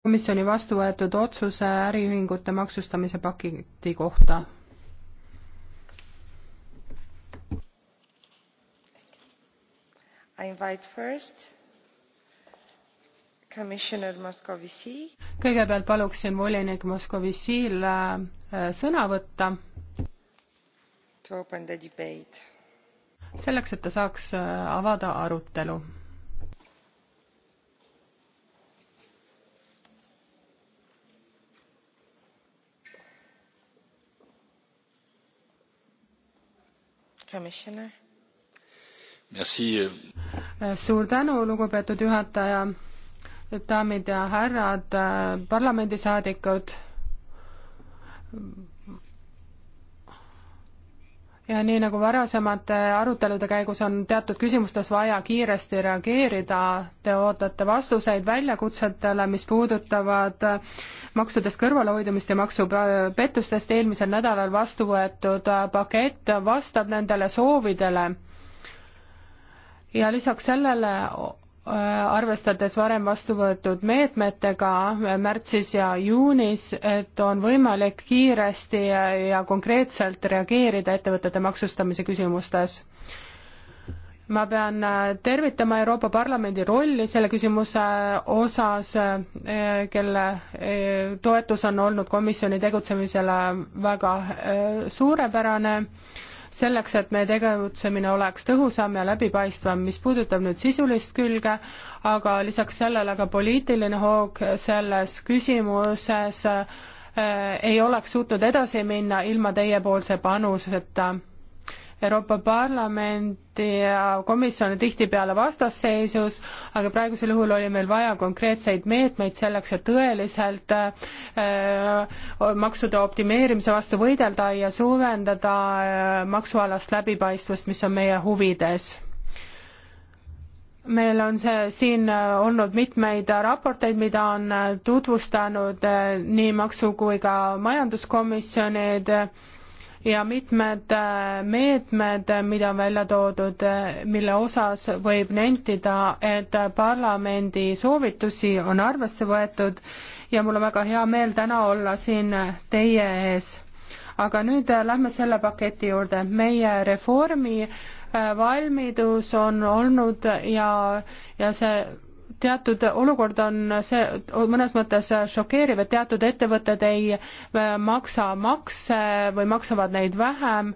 komisjoni vastu võetud otsuse äriühingute maksustamise paketi kohta. I invite first Commissioner Moscovici. kõigepealt paluksin volinik Moscovicil äh, sõna võtta. To open the debate. selleks, et ta saaks äh, avada arutelu Euh. Äh, suur tänu, lugupeetud juhataja, daamid ja härrad, äh, parlamendisaadikud ja nii nagu varasemate arutelude käigus on teatud küsimustes vaja kiiresti reageerida, te ootate vastuseid väljakutsetele, mis puudutavad maksudest kõrvalehoidumist ja maksupettustest, eelmisel nädalal vastu võetud pakett vastab nendele soovidele. ja lisaks sellele Äh, arvestades varem vastu võetud meetmetega märtsis ja juunis, et on võimalik kiiresti ja konkreetselt reageerida ettevõtete maksustamise küsimustes. ma pean äh, tervitama Euroopa Parlamendi rolli selle küsimuse osas, äh, kelle toetus on olnud komisjoni tegutsemisele väga suurepärane selleks, et meie tegutsemine oleks tõhusam ja läbipaistvam, mis puudutab nüüd sisulist külge, aga lisaks sellele ka poliitiline hoog selles küsimuses äh, ei oleks suutnud edasi minna ilma teiepoolse panuseta Euroopa Parlamenti ja komisjone tihtipeale vastasseisus, aga praegusel juhul oli meil vaja konkreetseid meetmeid selleks, et tõeliselt äh, maksude optimeerimise vastu võidelda ja suurendada äh, maksualast läbipaistvust, mis on meie huvides meil on see siin äh, olnud mitmeid raporteid, mida on tutvustanud nii maksu kui ka majanduskomisjonid ja mitmed äh, meetmed, äh, mida on välja toodud, äh, mille osas võib nentida, et parlamendi soovitusi on arvesse võetud ja mul on väga hea meel täna olla siin teie ees. aga nüüd lähme selle paketi juurde. meie reformi valmidus on olnud ja, ja see teatud olukord on see mõnes mõttes šokeeriv, et teatud ettevõtted ei äh, maksa makse või maksavad neid vähem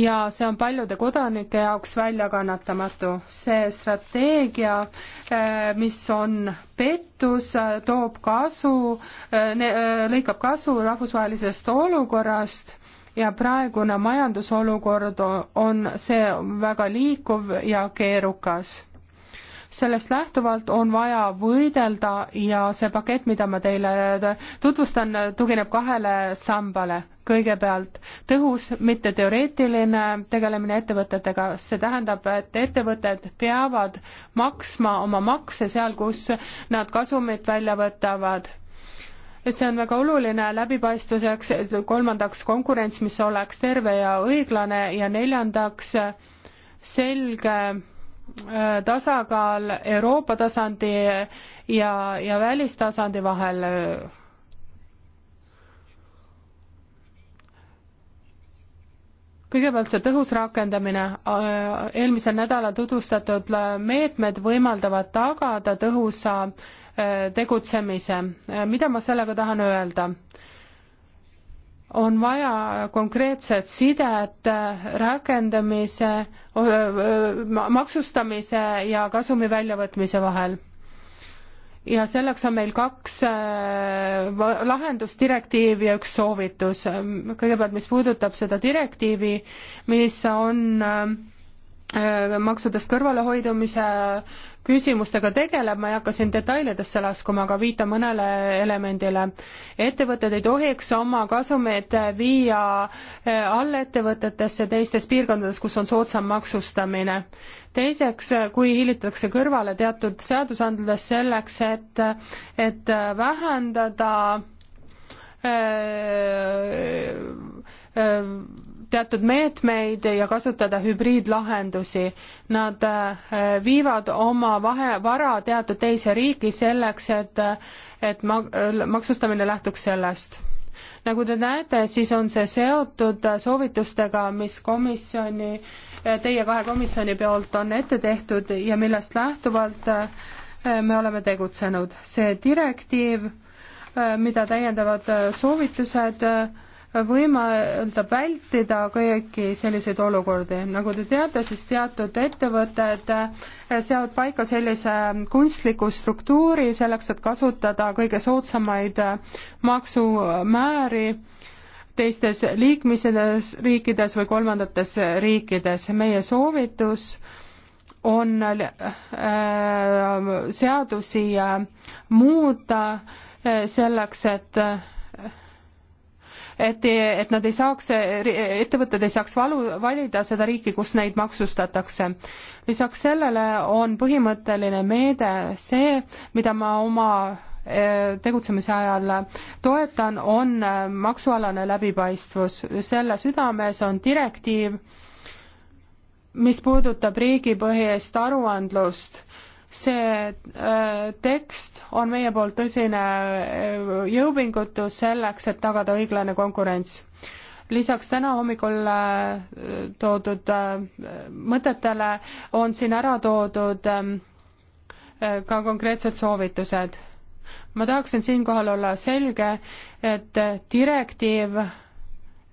ja see on paljude kodanike jaoks väljakannatamatu. see strateegia, äh, mis on pettus, äh, toob kasu, lõikab kasu rahvusvahelisest olukorrast ja praegune majandusolukord on see väga liikuv ja keerukas sellest lähtuvalt on vaja võidelda ja see pakett, mida ma teile tutvustan, tugineb kahele sambale. kõigepealt tõhus, mitte teoreetiline tegelemine ettevõtetega, see tähendab, et ettevõtted peavad maksma oma makse seal, kus nad kasumit välja võtavad see on väga oluline läbipaistvuseks, kolmandaks konkurents, mis oleks terve ja õiglane ja neljandaks selge Äh, tasakaal Euroopa tasandi ja, ja välistasandi vahel kõigepealt see tõhus rakendamine, äh, eelmisel nädalal tutvustatud meetmed võimaldavad tagada tõhusa äh, tegutsemise. mida ma sellega tahan öelda? on vaja konkreetset sidet äh, rakendamise, maksustamise ja kasumi väljavõtmise vahel. ja selleks on meil kaks äh, lahendust, direktiiv ja üks soovitus. kõigepealt, mis puudutab seda direktiivi, mis on äh, maksudest kõrvalehoidumise küsimustega tegeleb, ma ei hakka siin detailidesse laskuma, aga viitan mõnele elemendile. ettevõtted ei tohiks oma kasumeid viia eh, allettevõtetesse teistes piirkondades, kus on soodsam maksustamine. teiseks, kui hiilitakse kõrvale teatud seadusandluses selleks, et, et vähendada öö, eh, öö, eh, teatud meetmeid ja kasutada hübriidlahendusi. Nad äh, viivad oma vahe, vara teatud teise riiki selleks, et, et ma-, maksustamine lähtuks sellest nagu te näete, siis on see seotud soovitustega, mis komisjoni, teie kahe komisjoni poolt on ette tehtud ja millest lähtuvalt äh, me oleme tegutsenud. see direktiiv, äh, mida täiendavad soovitused, võimaldab vältida kõiki selliseid olukordi. nagu te teate, siis teatud ettevõtted eh, seavad paika sellise kunstliku struktuuri selleks, et kasutada kõige soodsamaid eh, maksumääri teistes liikmesides riikides või kolmandates riikides. meie soovitus on äh, seadusi muuta selleks, et äh, et, et nad ei saaks, ettevõtted ei saaks valu, valida seda riiki, kus neid maksustatakse. lisaks sellele on põhimõtteline meede see, mida ma oma eh, tegutsemise ajal toetan, on eh, maksualane läbipaistvus. selle südames on direktiiv, mis puudutab riigipõhist aruandlust see äh, tekst on meie poolt tõsine äh, jõupingutus selleks, et tagada õiglane konkurents. lisaks täna hommikul äh, toodud mõtetele on siin ära toodud ka konkreetsed soovitused. ma tahaksin siinkohal olla selge, et direktiiv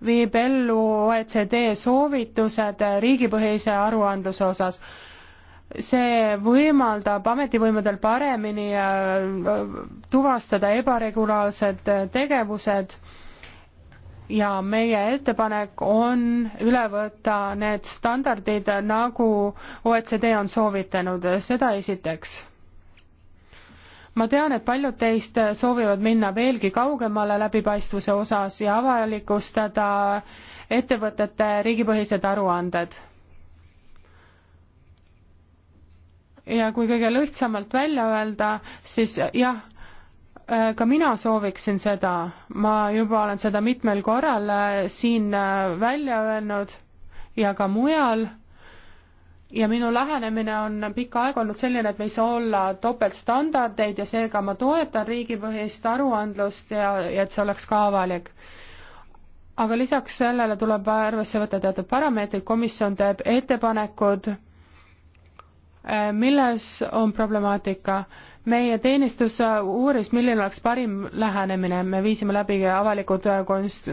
viib ellu OECD soovitused riigipõhise aruandluse osas see võimaldab ametivõimudel paremini äh, tuvastada ebaregulaarsed äh, tegevused ja meie ettepanek on üle võtta need standardid, nagu OECD on soovitanud, seda esiteks. ma tean, et paljud teist soovivad minna veelgi kaugemale läbipaistvuse osas ja avalikustada ettevõtete riigipõhised aruanded ja kui kõige lihtsamalt välja öelda, siis jah, äh, ka mina sooviksin seda, ma juba olen seda mitmel korral äh, siin äh, välja öelnud ja ka mujal ja minu lähenemine on pikka aega olnud selline, et me ei saa olla topeltstandardeid ja seega ma toetan riigipõhist aruandlust ja, ja et see oleks ka avalik. aga lisaks sellele tuleb arvesse võtta teatud parameetrid, komisjon teeb ettepanekud Äh, milles on problemaatika? meie teenistus äh, uuris, milline oleks parim lähenemine, me viisime läbi avalikud äh, kons-,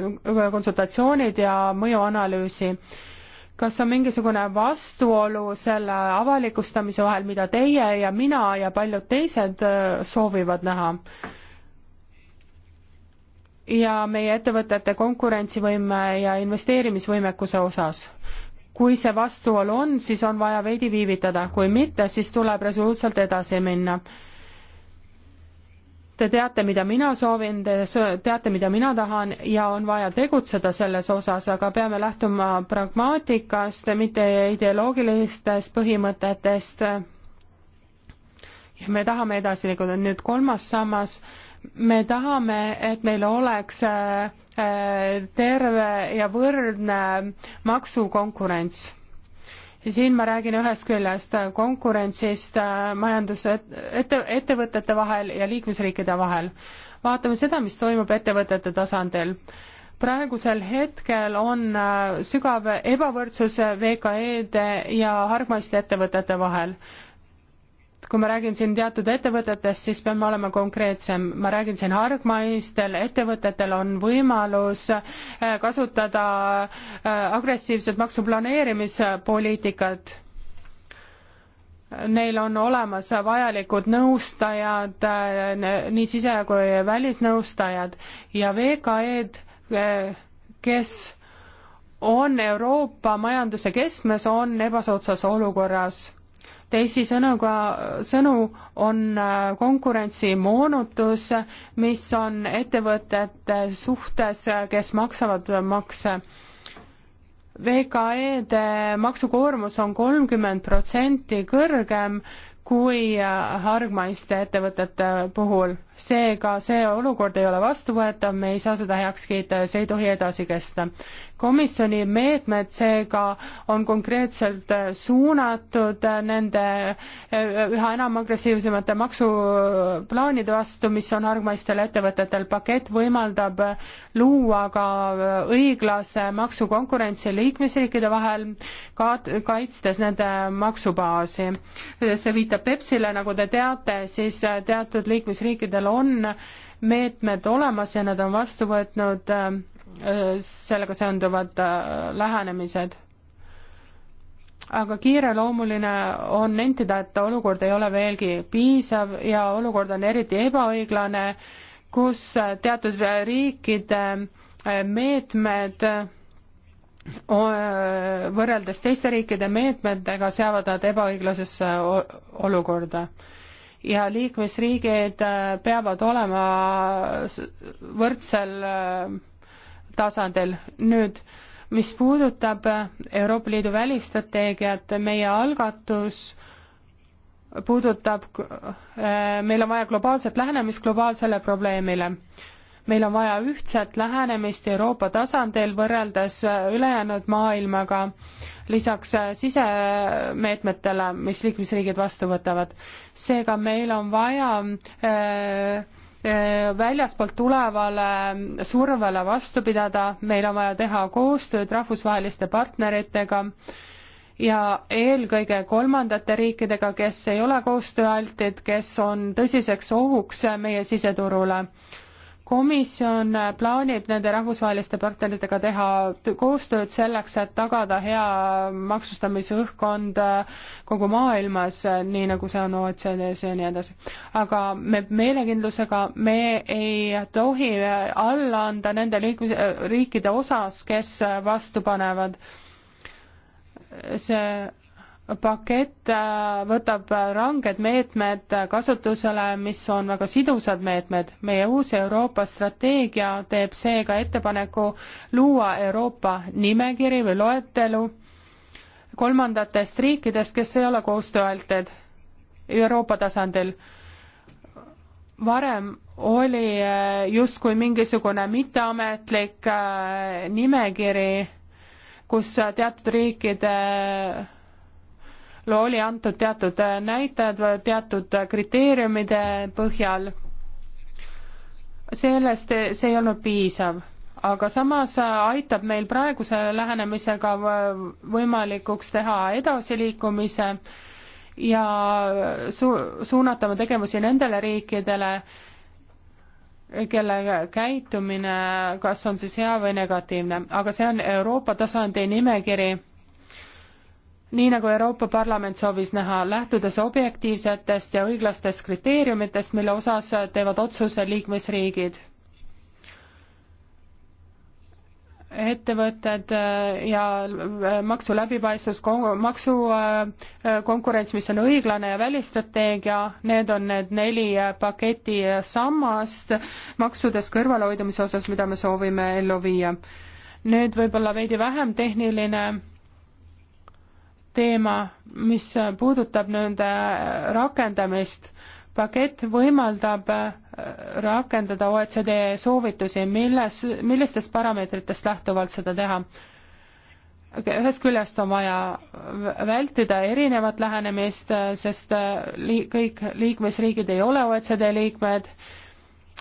konsultatsioonid ja mõjuanalüüsi. kas on mingisugune vastuolu selle avalikustamise vahel, mida teie ja mina ja paljud teised soovivad näha? ja meie ettevõtete konkurentsivõime ja investeerimisvõimekuse osas kui see vastuolu on, siis on vaja veidi viivitada, kui mitte, siis tuleb resoluutselt edasi minna. Te teate, mida mina soovin, te teate, mida mina tahan ja on vaja tegutseda selles osas, aga peame lähtuma pragmaatikast, mitte ideoloogilistest põhimõtetest. ja me tahame edasi liikuda. nüüd kolmas sammas, me tahame, et meil oleks äh, Äh, terve ja võrdne maksukonkurents. ja siin ma räägin ühest küljest konkurentsist äh, majandus, ette, ettevõtete vahel ja liikmesriikide vahel. vaatame seda, mis toimub ettevõtete tasandil praegusel hetkel on äh, sügav ebavõrdsus VKE-de ja hargmaiste ettevõtete vahel kui ma räägin siin teatud ettevõtetest, siis peame olema konkreetsem. ma räägin siin hargmaistel ettevõtetel on võimalus äh, kasutada äh, agressiivset maksuplaneerimispoliitikat. Neil on olemas vajalikud nõustajad, äh, nii sise- kui välisnõustajad ja VKE-d, kes on Euroopa majanduse keskmes, on ebasoodsas olukorras teisisõnuga, sõnu on äh, konkurentsimoonutus, mis on ettevõtete suhtes, äh, kes maksavad makse. VKE-de maksukoormus on kolmkümmend protsenti kõrgem kui äh, hargmaiste ettevõtete puhul seega see olukord ei ole vastuvõetav, me ei saa seda heaks kiita ja see ei tohi edasi kesta. komisjoni meetmed seega on konkreetselt suunatud nende üha enam agressiivsemate maksuplaanide vastu, mis on hargmaistel ettevõtetel. pakett võimaldab luua ka õiglase maksukonkurentsi liikmesriikide vahel, kaitstes nende maksubaasi. see viitab Pepsile, nagu te teate, siis teatud liikmesriikidel liikmesriikidel on meetmed olemas ja nad on vastu võtnud äh, sellega seonduvad äh, lähenemised. aga kiireloomuline on nentida, et olukord ei ole veelgi piisav ja olukord on eriti ebaõiglane, kus teatud riikide äh, meetmed võrreldes teiste riikide meetmetega seavad nad ebaõiglasesse olukorda ja liikmesriigid äh, peavad olema võrdsel äh, tasandil. nüüd, mis puudutab äh, Euroopa Liidu välistrateegiat, meie algatus puudutab, meil on vaja globaalset lähenemist globaalsele probleemile. meil on vaja ühtset lähenemist Euroopa tasandil võrreldes ülejäänud maailmaga lisaks äh, sisemeetmetele, mis liikmesriigid vastu võtavad. seega meil on vaja äh, äh, väljaspoolt tulevale survele vastu pidada, meil on vaja teha koostööd rahvusvaheliste partneritega ja eelkõige kolmandate riikidega, kes ei ole koostööaltid, kes on tõsiseks ohuks meie siseturule komisjon plaanib nende rahvusvaheliste partneritega teha koostööd selleks, et tagada hea maksustamise õhkkond kogu maailmas, nii nagu see on OECD-s ja nii edasi. aga me meelekindlusega, me ei tohi alla anda nende liiklus-, riikide osas, kes vastu panevad. see pakett äh, võtab ranged meetmed kasutusele, mis on väga sidusad meetmed. meie uus Euroopa strateegia teeb seega ettepaneku luua Euroopa nimekiri või loetelu kolmandatest riikidest, kes ei ole koostööalted Euroopa tasandil. varem oli äh, justkui mingisugune mitteametlik äh, nimekiri, kus teatud riikide oli antud teatud äh, näitajad teatud äh, kriteeriumide põhjal. sellest, äh, see ei olnud piisav, aga samas aitab meil praeguse lähenemisega võimalikuks teha edasiliikumise ja su-, suunata oma tegevusi nendele riikidele, kelle käitumine kas on siis hea või negatiivne, aga see on Euroopa tasandi nimekiri nii nagu Euroopa Parlament soovis näha, lähtudes objektiivsetest ja õiglastest kriteeriumitest, mille osas teevad otsuse liikmesriigid. ettevõtted äh, ja äh, maksu läbipaistvus, äh, maksukonkurents, mis on õiglane ja välistrateegia, need on need neli paketi sammast maksudest kõrvalehoidumise osas, mida me soovime ellu viia. nüüd võib-olla veidi vähem tehniline teema, mis puudutab nende rakendamist. pakett võimaldab rakendada OECD soovitusi, milles, millistest parameetritest lähtuvalt seda teha ühest küljest on vaja vältida erinevat lähenemist, sest lii-, kõik liikmesriigid ei ole OECD liikmed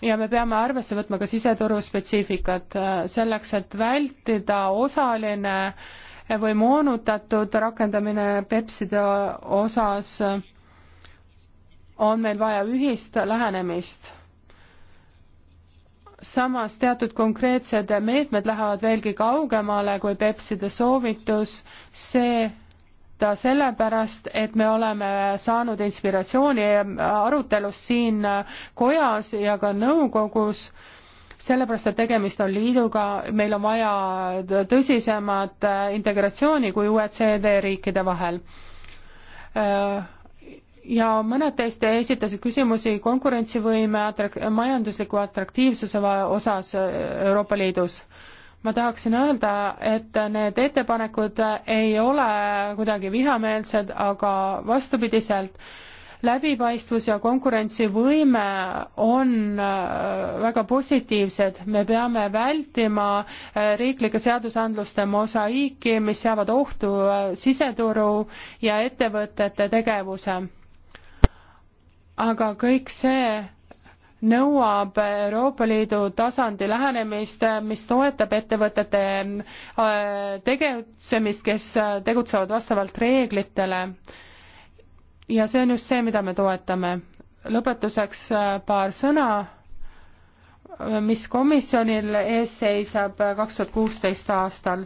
ja me peame arvesse võtma ka siseturu spetsiifikat selleks, et vältida osaline äh, või moonutatud rakendamine PEPSide osas, on meil vaja ühist lähenemist. samas teatud konkreetsed meetmed lähevad veelgi kaugemale kui PEPSide soovitus, see ta sellepärast, et me oleme saanud inspiratsiooni arutelust siin kojas ja ka nõukogus äh, sellepärast, et tegemist on liiduga, meil on vaja tõsisemat äh, integratsiooni kui OECD riikide vahel. Äh, ja mõned teist esitasid küsimusi konkurentsivõime, majandusliku atraktiivsuse osas äh, Euroopa Liidus ma tahaksin öelda, et need ettepanekud ei ole kuidagi vihameelsed, aga vastupidiselt läbipaistvus ja konkurentsivõime on äh, väga positiivsed, me peame vältima äh, riiklike seadusandluste mosaiiki, mis seavad ohtu äh, siseturu ja ettevõtete tegevuse. aga kõik see nõuab Euroopa Liidu tasandi lähenemist, mis toetab ettevõtete tegutsemist, kes tegutsevad vastavalt reeglitele ja see on just see, mida me toetame. lõpetuseks äh, paar sõna, äh, mis komisjonil ees seisab äh, kaks tuhat kuusteist aastal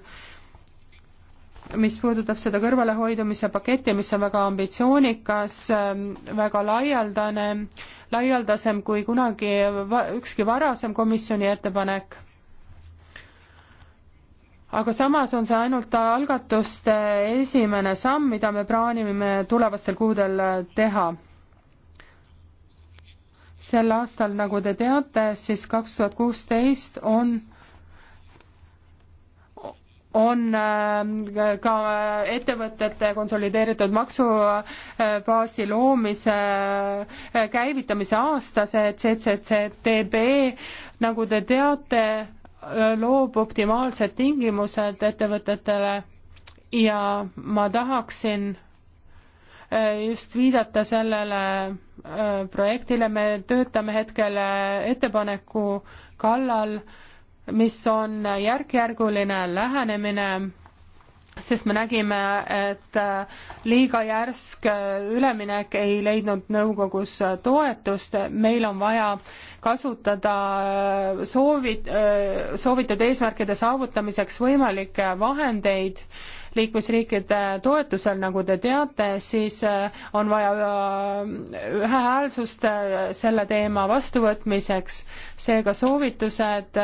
mis puudutab seda kõrvalehoidumise paketti, mis on väga ambitsioonikas, ähm, väga laialdane, laialdasem kui kunagi ükski varasem komisjoni ettepanek aga samas on see ainult algatuste esimene samm, mida me plaanime tulevastel kuudel teha. sel aastal, nagu te teate, siis kaks tuhat kuusteist on on äh, ka ettevõtete konsolideeritud maksubaasi loomise äh, käivitamise aasta, see CCCTB, nagu te teate, loob optimaalsed tingimused ettevõtetele ja ma tahaksin äh, just viidata sellele äh, projektile, me töötame hetkel äh, ettepaneku kallal, mis on järk-järguline lähenemine, sest me nägime, et liiga järsk üleminek ei leidnud nõukogus toetust, meil on vaja äh, kasutada äh, soovid, äh, soovitud eesmärkide saavutamiseks võimalikke vahendeid liikmesriikide toetusel, nagu te teate, siis äh, on vaja ühehäälsust selle teema vastuvõtmiseks, seega soovitused,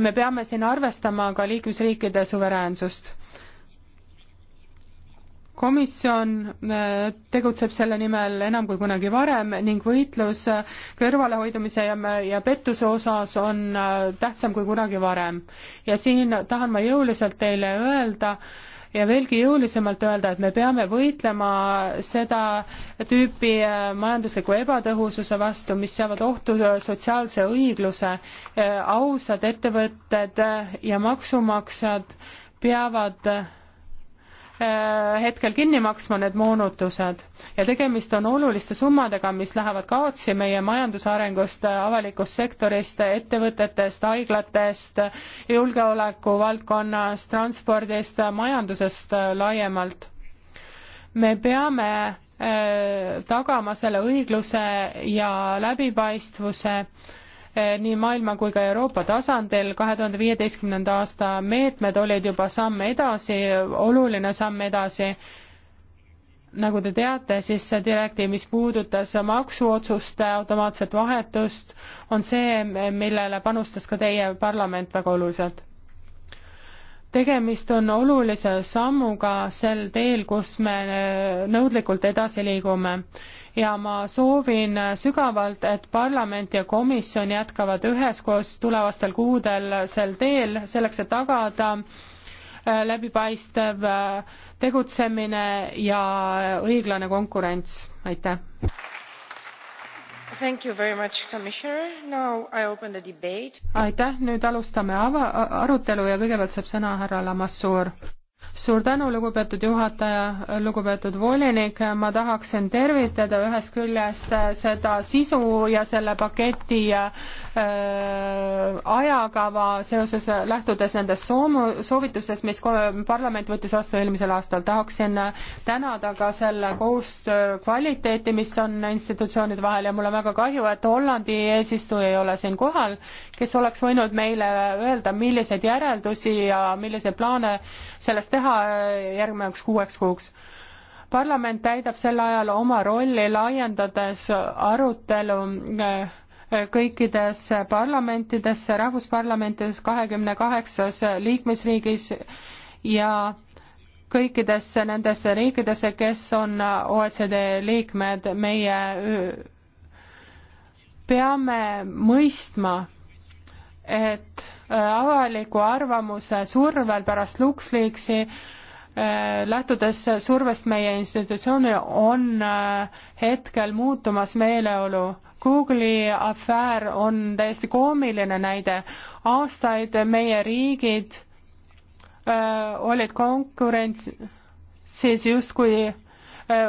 me peame siin arvestama ka liikmesriikide suveräänsust komisjon äh, tegutseb selle nimel enam kui kunagi varem ning võitlus äh, kõrvalehoidumise ja, ja pettuse osas on äh, tähtsam kui kunagi varem. ja siin tahan ma jõuliselt teile öelda ja veelgi jõulisemalt öelda, et me peame võitlema seda tüüpi majandusliku ebatõhususe vastu, mis seavad ohtu sotsiaalse õigluse. ausad ettevõtted ja maksumaksjad peavad Äh, hetkel kinni maksma need moonutused ja tegemist on oluliste summadega, mis lähevad kaotsi meie majandusarengust, äh, avalikust sektorist, ettevõtetest, haiglatest, julgeoleku valdkonnast, transpordist, äh, majandusest laiemalt. me peame tagama selle õigluse ja läbipaistvuse äh, Eh, nii maailma kui ka Euroopa tasandil. kahe tuhande viieteistkümnenda aasta meetmed olid juba samm edasi, oluline samm edasi. nagu te teate, siis see direktiiv, mis puudutas maksuotsuste automaatset vahetust, on see, millele panustas ka teie parlament väga oluliselt tegemist on olulise sammuga sel teel, kus me eh, nõudlikult edasi liigume ja ma soovin sügavalt, et parlament ja komisjon jätkavad üheskoos tulevastel kuudel sel teel, selleks et tagada äh, läbipaistev äh, tegutsemine ja õiglane konkurents, aitäh. aitäh, nüüd alustame ava-, arutelu ja kõigepealt saab sõna härra Lamassoor suur tänu, lugupeetud juhataja, lugupeetud volinik, ma tahaksin tervitada ühest küljest seda sisu ja selle paketi äh, ajakava seoses lähtudes nendest soomu-, soovitustest, mis parlament võttis vastu eelmisel aastal. tahaksin tänada ka selle koostöö kvaliteeti, mis on institutsioonide vahel ja mul on väga kahju, et Hollandi eesistuja ei ole siin kohal, kes oleks võinud meile öelda, milliseid järeldusi ja milliseid plaane sellest teha teha äh, järgnevaks kuueks kuuks. parlament täidab sel ajal oma rolli, laiendades arutelu äh, äh, kõikidesse parlamentidesse, rahvusparlamentides kahekümne kaheksas liikmesriigis ja kõikidesse nendesse riikidesse, kes on OECD liikmed, meie peame mõistma, et avaliku arvamuse survel pärast LuxLeaksi äh, lähtudes survest meie institutsioonile on äh, hetkel muutumas meeleolu. Google'i afäär on täiesti koomiline näide. aastaid meie riigid öö, äh, olid konkurents, siis justkui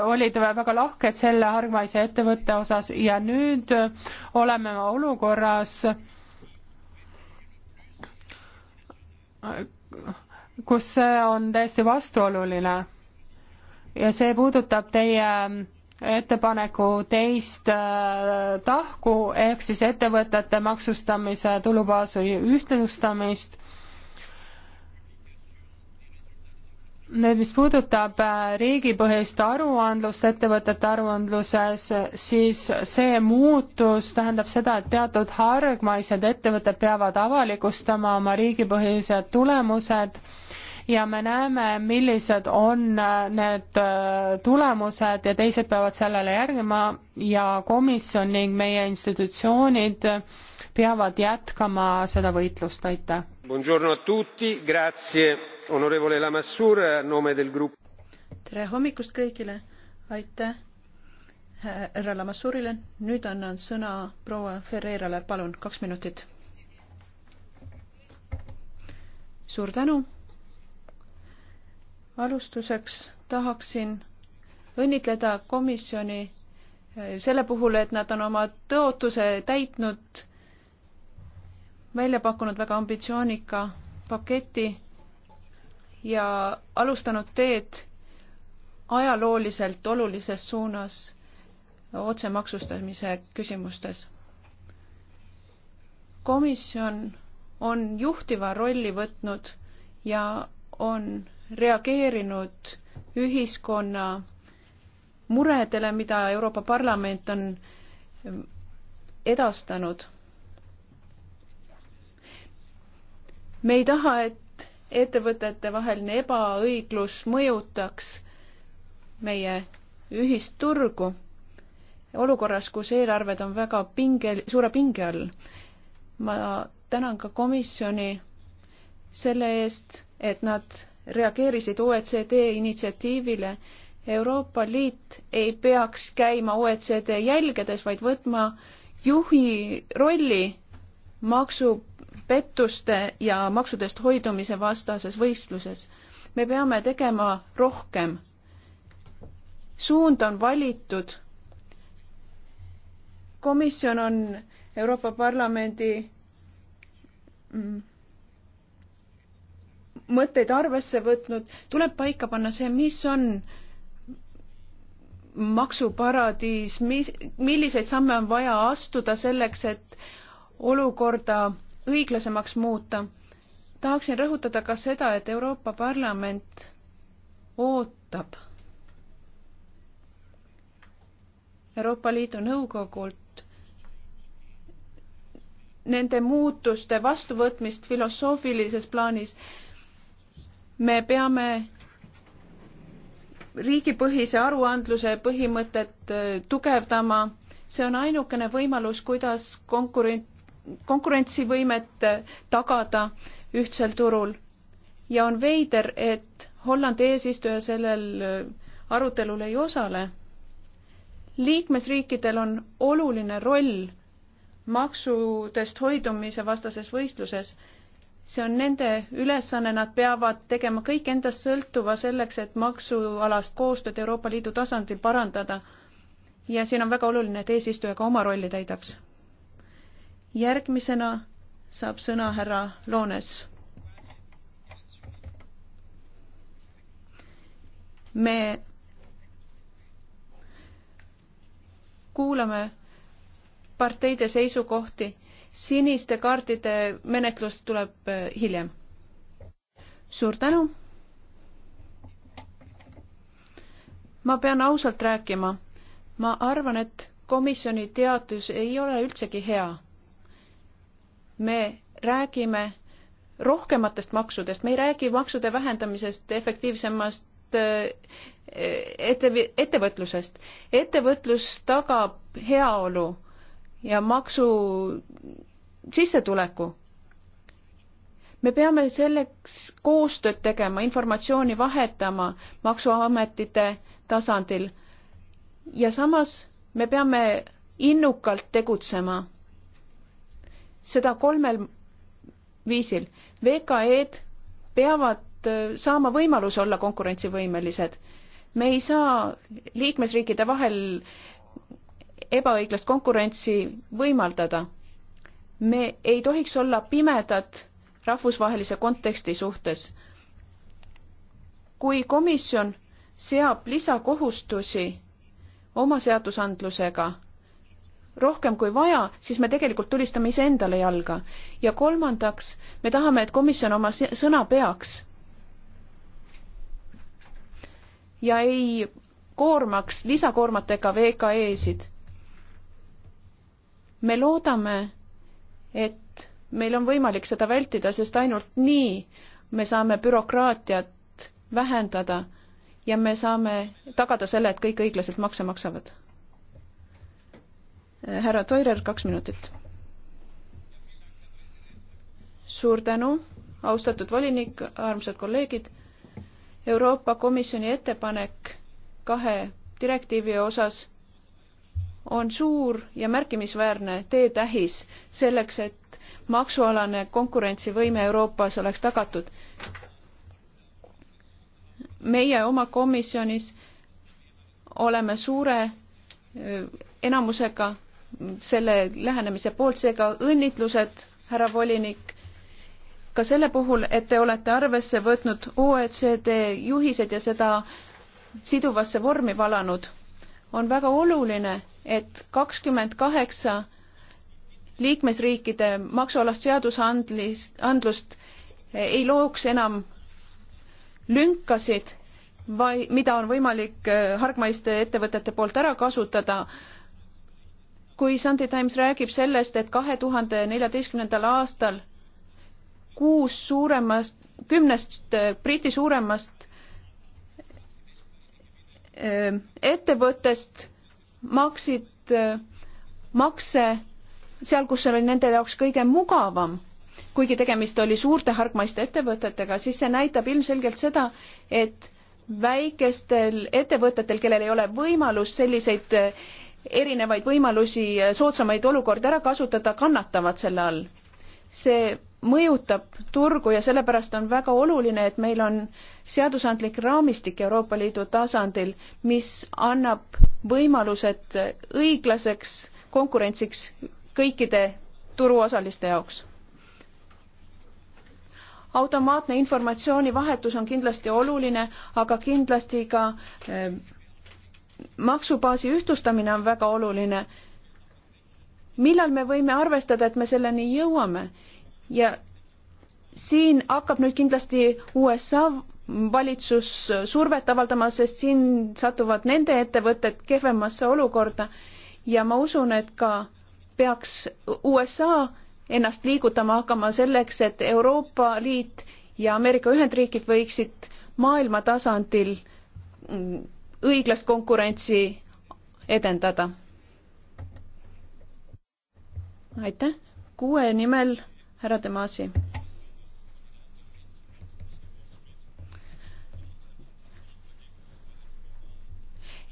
olid väga lahked selle hargmaise ettevõtte osas ja nüüd oleme olukorras, kus see on täiesti vastuoluline. ja see puudutab teie ettepaneku teist äh, tahku ehk siis ettevõtete maksustamise tulubaasi ühtlustamist nüüd, mis puudutab äh, riigipõhist aruandlust ettevõtete aruandluses, siis see muutus tähendab seda, et teatud hargmaised ettevõtted peavad avalikustama oma riigipõhised tulemused ja me näeme, millised on äh, need äh, tulemused ja teised peavad sellele järgima ja komisjon ning meie institutsioonid peavad jätkama seda võitlust, aitäh! tere hommikust kõigile, aitäh härra Lamassuurile, nüüd annan sõna proua Ferreirale, palun, kaks minutit. suur tänu. alustuseks tahaksin õnnitleda komisjoni selle puhul, et nad on oma tõotuse täitnud välja pakkunud väga ambitsioonika paketi ja alustanud teed ajalooliselt olulises suunas otsemaksustamise küsimustes. komisjon on juhtiva rolli võtnud ja on reageerinud ühiskonna muredele, mida Euroopa Parlament on edastanud me ei taha, et ettevõtete vaheline ebaõiglus mõjutaks meie ühist turgu olukorras, kus eelarved on väga pinge, suure pinge all. ma tänan ka komisjoni selle eest, et nad reageerisid OECD initsiatiivile. Euroopa Liit ei peaks käima OECD jälgedes, vaid võtma juhi rolli maksu pettuste ja maksudest hoidumise vastases võistluses. me peame tegema rohkem. suund on valitud. komisjon on Euroopa Parlamendi mm, mõtteid arvesse võtnud, tuleb paika panna see, mis on maksuparadiis, mis, milliseid samme on vaja astuda selleks, et olukorda õiglasemaks muuta. tahaksin rõhutada ka seda, et Euroopa Parlament ootab Euroopa Liidu Nõukogult nende muutuste vastuvõtmist filosoofilises plaanis. me peame riigipõhise aruandluse põhimõtet tugevdama. see on ainukene võimalus, kuidas konkurent konkurentsivõimet tagada ühtsel turul ja on veider, et Hollandi eesistuja sellel arutelul ei osale. liikmesriikidel on oluline roll maksudest hoidumise vastases võistluses. see on nende ülesanne, nad peavad tegema kõik endast sõltuva selleks, et maksualast koostööd Euroopa Liidu tasandil parandada. ja siin on väga oluline, et eesistuja ka oma rolli täidaks järgmisena saab sõna härra Loones. me kuulame parteide seisukohti, siniste kaartide menetlus tuleb äh, hiljem. suur tänu. ma pean ausalt rääkima, ma arvan, et komisjoni teatus ei ole üldsegi hea me räägime rohkematest maksudest, me ei räägi maksude vähendamisest, efektiivsemast äh, ette, ettevõtlusest. ettevõtlus tagab heaolu ja maksu sissetuleku. me peame selleks koostööd tegema, informatsiooni vahetama maksuametite tasandil ja samas me peame innukalt tegutsema seda kolmel viisil. VKE-d peavad äh, saama võimaluse olla konkurentsivõimelised. me ei saa liikmesriikide vahel ebaõiglast konkurentsi võimaldada. me ei tohiks olla pimedad rahvusvahelise konteksti suhtes. kui komisjon seab lisakohustusi oma seadusandlusega rohkem kui vaja, siis me tegelikult tulistame iseendale jalga. ja kolmandaks, me tahame, et komisjon oma sõna peaks. ja ei koormaks lisakoormatega VKE-sid. me loodame, et meil on võimalik seda vältida, sest ainult nii me saame bürokraatiat vähendada ja me saame tagada selle, et kõik õiglaselt makse maksavad härra Toirer, kaks minutit. suur tänu, austatud volinik, armsad kolleegid. Euroopa Komisjoni ettepanek kahe direktiivi osas on suur ja märkimisväärne teetähis selleks, et maksualane konkurentsivõime Euroopas oleks tagatud. meie oma komisjonis oleme suure enamusega selle lähenemise poolt, seega õnnitlused, härra volinik, ka selle puhul, et te olete arvesse võtnud OECD juhised ja seda siduvasse vormi valanud. on väga oluline, et kakskümmend kaheksa liikmesriikide maksualast seadusandlist, andlust ei looks enam lünkasid, vai-, mida on võimalik äh, hargmaiste ettevõtete poolt ära kasutada kui Sunday Times räägib sellest, et kahe tuhande neljateistkümnendal aastal kuus suuremast, kümnest äh, Briti suuremast äh, ettevõttest maksid äh, makse seal, kus see oli nende jaoks kõige mugavam, kuigi tegemist oli suurte hargmaiste ettevõtetega, siis see näitab ilmselgelt seda, et väikestel ettevõtetel, kellel ei ole võimalust selliseid erinevaid võimalusi soodsamaid olukordi ära kasutada, kannatavad selle all. see mõjutab turgu ja sellepärast on väga oluline, et meil on seadusandlik raamistik Euroopa Liidu tasandil, mis annab võimalused õiglaseks konkurentsiks kõikide turuosaliste jaoks. automaatne informatsioonivahetus on kindlasti oluline, aga kindlasti ka äh, maksubaasi ühtlustamine on väga oluline. millal me võime arvestada, et me selleni jõuame? ja siin hakkab nüüd kindlasti USA valitsus survet avaldama, sest siin satuvad nende ettevõtted kehvemasse olukorda ja ma usun, et ka peaks USA ennast liigutama hakkama selleks, et Euroopa Liit ja Ameerika Ühendriigid võiksid maailma tasandil õiglast konkurentsi edendada. aitäh, kuue nimel härra Demasi.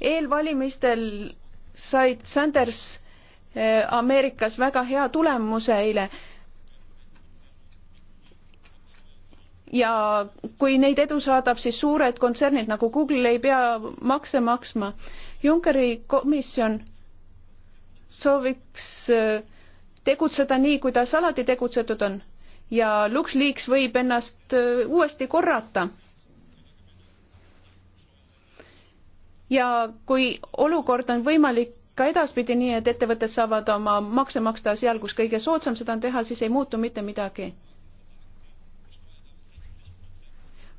eelvalimistel said Sanders eh, Ameerikas väga hea tulemuse eile ja kui neid edu saadab, siis suured kontsernid nagu Google ei pea makse maksma. Junckeri komisjon sooviks äh, tegutseda nii, kuidas alati tegutsetud on ja LuxLeaks võib ennast äh, uuesti korrata. ja kui olukord on võimalik ka edaspidi nii, et ettevõtted saavad oma makse maksta seal, kus kõige soodsam seda on teha, siis ei muutu mitte midagi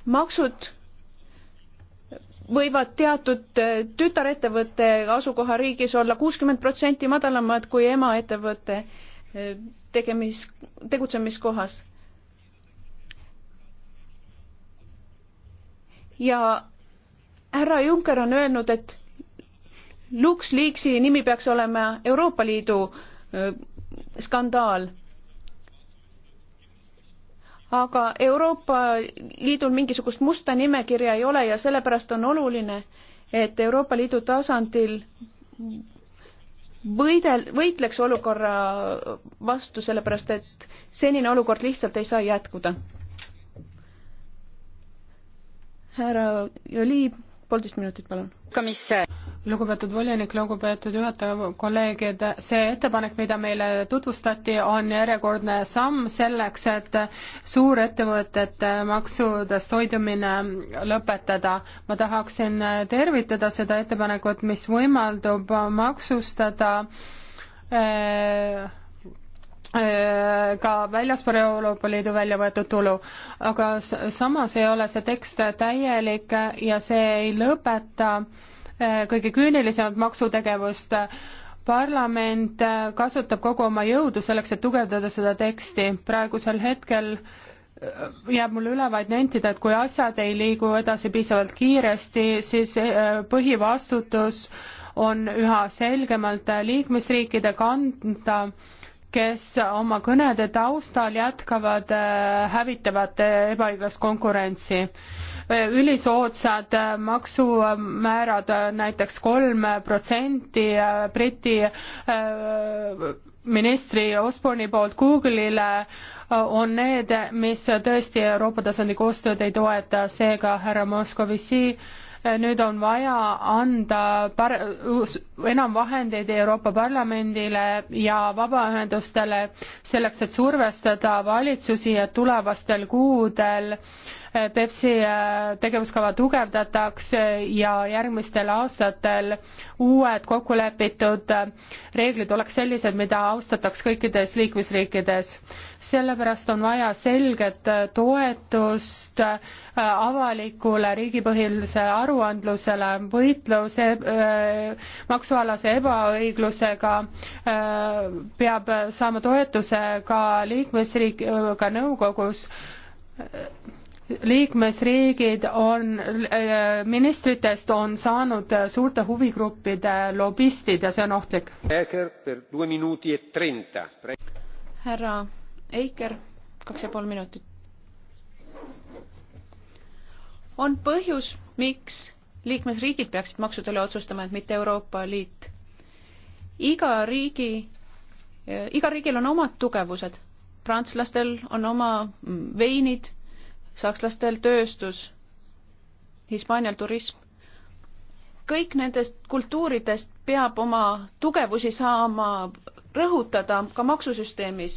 maksud võivad teatud eh, tütarettevõtte asukohariigis olla kuuskümmend protsenti madalamad kui emaettevõtte eh, tegemis, tegutsemiskohas. ja härra Juncker on öelnud, et LuxLeaksi nimi peaks olema Euroopa Liidu eh, skandaal aga Euroopa Liidul mingisugust musta nimekirja ei ole ja sellepärast on oluline, et Euroopa Liidu tasandil võidel, võitleks olukorra vastu, sellepärast et senine olukord lihtsalt ei saa jätkuda. härra Joli poolteist minutit, palun. lugupeetud volinik, lugupeetud juhataja, kolleegid, see ettepanek, mida meile tutvustati, on järjekordne samm selleks, et suurettevõtete maksudest hoidumine lõpetada. ma tahaksin tervitada seda ettepanekut, mis võimaldab maksustada äh, Äh, ka väljaspool Euroopa Liidu välja võetud tulu, aga samas ei ole see tekst täielik ja see ei lõpeta äh, kõige küünilisemat maksutegevust. parlament äh, kasutab kogu oma jõudu selleks, et tugevdada seda teksti. praegusel hetkel jääb mul üle vaid nentida, et kui asjad ei liigu edasi piisavalt kiiresti, siis põhivastutus on üha selgemalt liikmesriikide kanda kes oma kõnede taustal jätkavad äh, hävitavat äh, ebaõiglast konkurentsi. Äh, ülisoodsad maksumäärad, näiteks kolm protsenti Briti ministri Osborne'i poolt Google'ile on need, mis tõesti Euroopa tasandi koostööd ei toeta, seega härra Moskovitši nüüd on vaja anda par-, enam vahendeid Euroopa Parlamendile ja vabaühendustele selleks, et survestada valitsusi, et tulevastel kuudel äh, Pepsi äh, tegevuskava tugevdatakse ja järgmistel aastatel uued kokkulepitud äh, reeglid oleks sellised, mida austataks kõikides liikmesriikides. sellepärast on vaja selget äh, toetust avalikule riigipõhilise aruandlusele, võitlus e maksualase ebaõiglusega peab saama toetuse ka liikmesriik, ka nõukogus liikmesriigid on, äh, ministritest on saanud suurte huvigruppide lobistid ja see on ohtlik. E härra Eiker, kaks ja pool minutit. on põhjus, miks liikmesriigid peaksid maksude üle otsustama, et mitte Euroopa Liit. iga riigi, igal riigil on omad tugevused. prantslastel on oma veinid sakslastel tööstus, Hispaanial turism. kõik nendest kultuuridest peab oma tugevusi saama rõhutada ka maksusüsteemis.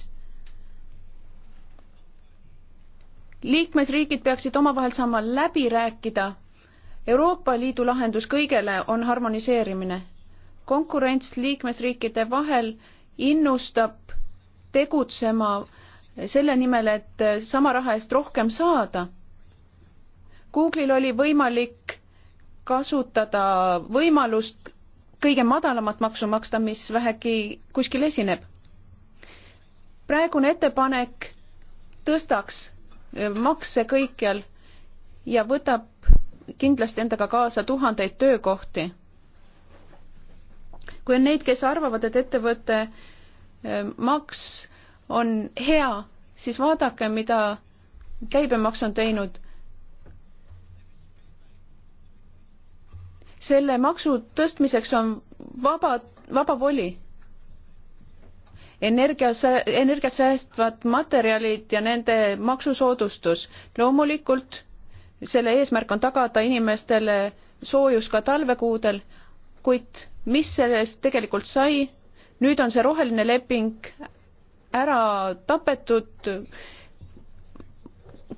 liikmesriigid peaksid omavahel saama läbi rääkida. Euroopa Liidu lahendus kõigele on harmoniseerimine. konkurents liikmesriikide vahel innustab tegutsema selle nimel, et sama raha eest rohkem saada. Google'il oli võimalik kasutada võimalust kõige madalamat maksu maksta, mis vähegi kuskil esineb. praegune ettepanek tõstaks makse kõikjal ja võtab kindlasti endaga kaasa tuhandeid töökohti. kui on neid, kes arvavad, et ettevõtte eh, maks on hea, siis vaadake, mida käibemaks on teinud. selle maksu tõstmiseks on vaba, vaba voli. energia, energiat säästvad materjalid ja nende maksusoodustus. loomulikult selle eesmärk on tagada inimestele soojus ka talvekuudel, kuid mis sellest tegelikult sai? nüüd on see roheline leping ära tapetud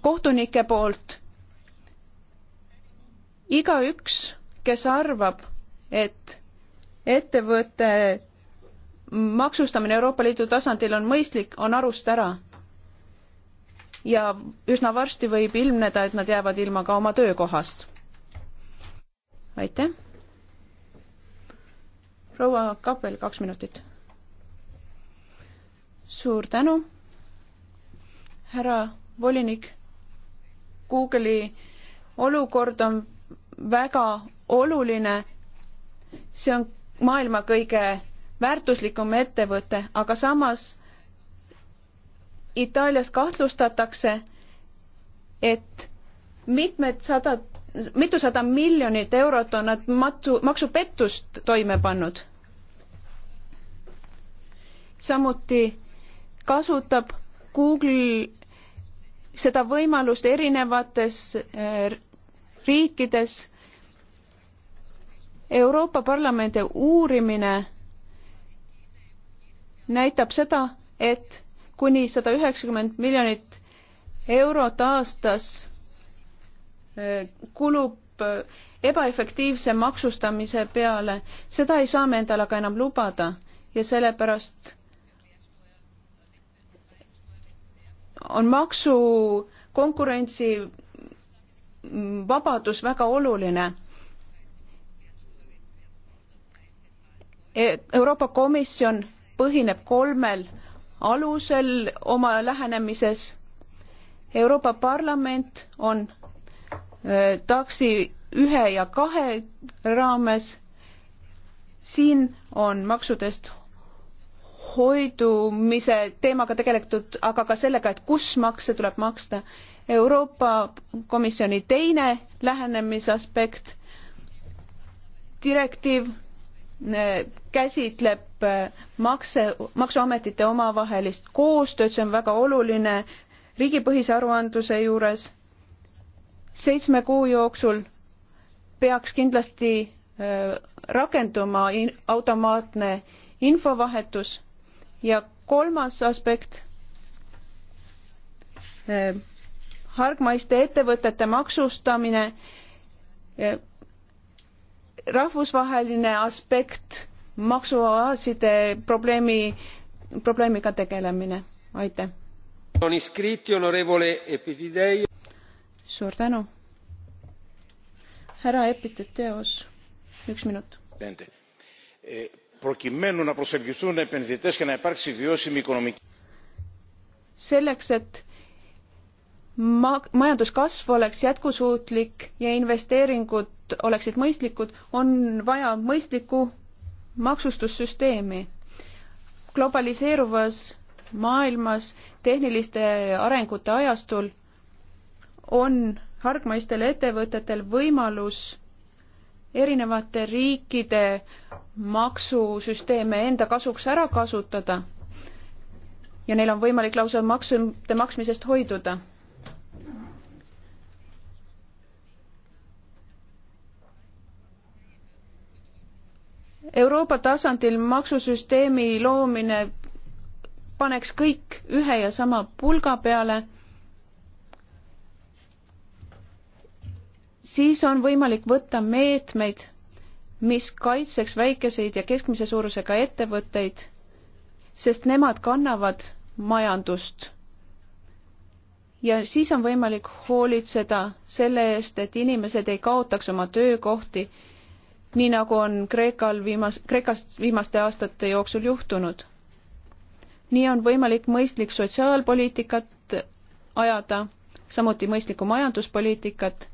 kohtunike poolt. igaüks, kes arvab, et ettevõtte maksustamine Euroopa Liidu tasandil on mõistlik, on arust ära. ja üsna varsti võib ilmneda, et nad jäävad ilma ka oma töökohast. aitäh. proua Kappel, kaks minutit suur tänu, härra volinik. Google'i olukord on väga oluline. see on maailma kõige väärtuslikum ettevõte, aga samas Itaalias kahtlustatakse, et mitmed sadad, mitusada miljonit eurot on nad matsu, maksupettust toime pannud. samuti kasutab Google seda võimalust erinevates eh, riikides. Euroopa Parlamendi uurimine näitab seda, et kuni sada üheksakümmend miljonit eurot aastas eh, kulub eh, ebaefektiivse maksustamise peale, seda ei saa me endale aga enam lubada ja sellepärast on maksukonkurentsi vabadus väga oluline. Euroopa Komisjon põhineb kolmel alusel oma lähenemises. Euroopa Parlament on äh, taksi ühe ja kahe raames. siin on maksudest kokkuhoidumise teemaga tegeletud, aga ka sellega, et kus makse tuleb maksta. Euroopa Komisjoni teine lähenemisaspekt, direktiiv eh, käsitleb eh, makse, maksuametite omavahelist koostööd, see on väga oluline riigipõhise aruandluse juures. seitsme kuu jooksul peaks kindlasti eh, rakenduma automaatne infovahetus ja kolmas aspekt eh, hargmaiste ettevõtete maksustamine eh, rahvusvaheline aspekt maksuoaaside probleemi probleemiga tegelemine aitäh suur tänu härra epiteteos üks minut προκειμένου να προσελκυθούν επενδυτές και να υπάρξει βιώσιμη οικονομική. Selleks, et ma-, majanduskasv oleks jätkusuutlik ja investeeringud oleksid mõistlikud, on vaja mõistlikku maksustussüsteemi. globaliseeruvas maailmas tehniliste arengute ajastul on hargmaistel ettevõtetel võimalus erinevate riikide maksusüsteeme enda kasuks ära kasutada ja neil on võimalik lausa maksude maksmisest hoiduda. Euroopa tasandil maksusüsteemi loomine paneks kõik ühe ja sama pulga peale siis on võimalik võtta meetmeid, mis kaitseks väikeseid ja keskmise suurusega ettevõtteid, sest nemad kannavad majandust. ja siis on võimalik hoolitseda selle eest, et inimesed ei kaotaks oma töökohti, nii nagu on Kreekal viimas, Kreekast viimaste aastate jooksul juhtunud. nii on võimalik mõistlik sotsiaalpoliitikat ajada, samuti mõistlikku majanduspoliitikat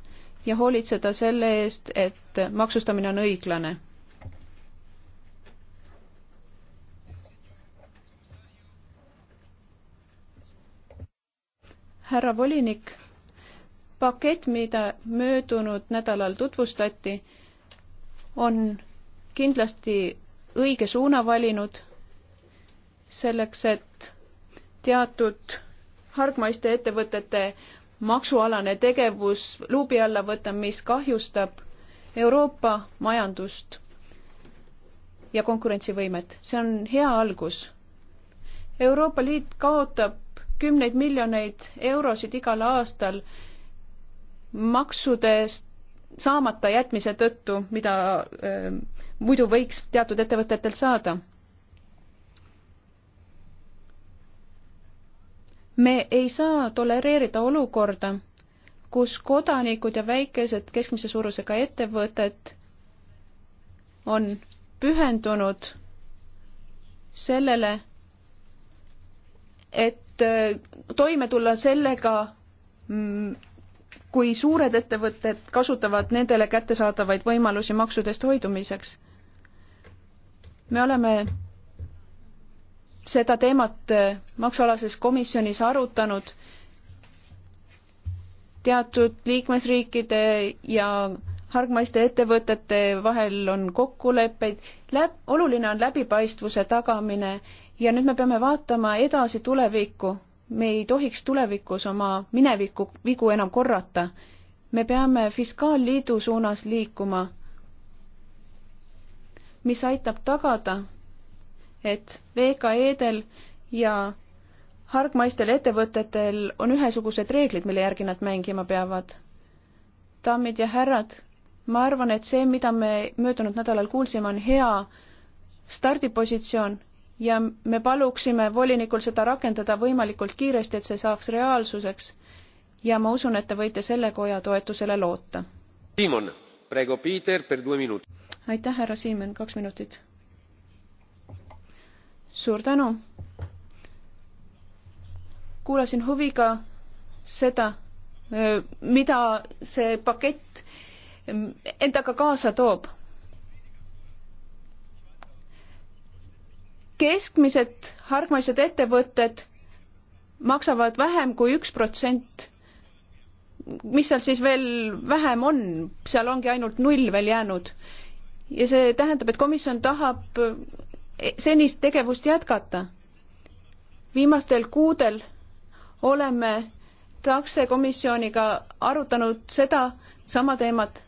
ja hoolitseda selle eest, et maksustamine on õiglane. härra volinik, pakett, mida möödunud nädalal tutvustati, on kindlasti õige suuna valinud selleks, et teatud hargmaiste ettevõtete maksualane tegevus luubi alla võtta, mis kahjustab Euroopa majandust ja konkurentsivõimet. see on hea algus. Euroopa Liit kaotab kümneid miljoneid eurosid igal aastal maksudest saamata jätmise tõttu, mida äh, muidu võiks teatud ettevõtetelt saada me ei saa tolereerida olukorda, kus kodanikud ja väikesed keskmise suurusega ettevõtted on pühendunud sellele, et äh, toime tulla sellega, mm, kui suured ettevõtted kasutavad nendele kättesaadavaid võimalusi maksudest hoidumiseks. me oleme seda teemat äh, maksualases komisjonis arutanud. teatud liikmesriikide ja hargmaiste ettevõtete vahel on kokkuleppeid, läb-, oluline on läbipaistvuse tagamine ja nüüd me peame vaatama edasi tulevikku. me ei tohiks tulevikus oma mineviku vigu enam korrata. me peame fiskaalliidu suunas liikuma, mis aitab tagada et VKE-del ja hargmaistel ettevõtetel on ühesugused reeglid, mille järgi nad mängima peavad. daamid ja härrad, ma arvan, et see, mida me möödunud nädalal kuulsime, on hea stardipositsioon ja me paluksime volinikul seda rakendada võimalikult kiiresti, et see saaks reaalsuseks. ja ma usun, et te võite selle koja toetusele loota. Siimon, praegu Piiter, per due minut. aitäh, härra Siimen, kaks minutit suur tänu. kuulasin huviga seda, mida see pakett endaga kaasa toob. keskmised hargmaised ettevõtted maksavad vähem kui üks protsent. mis seal siis veel vähem on, seal ongi ainult null veel jäänud. ja see tähendab, et komisjon tahab senist tegevust jätkata. viimastel kuudel oleme taksekomisjoniga arutanud seda sama teemat.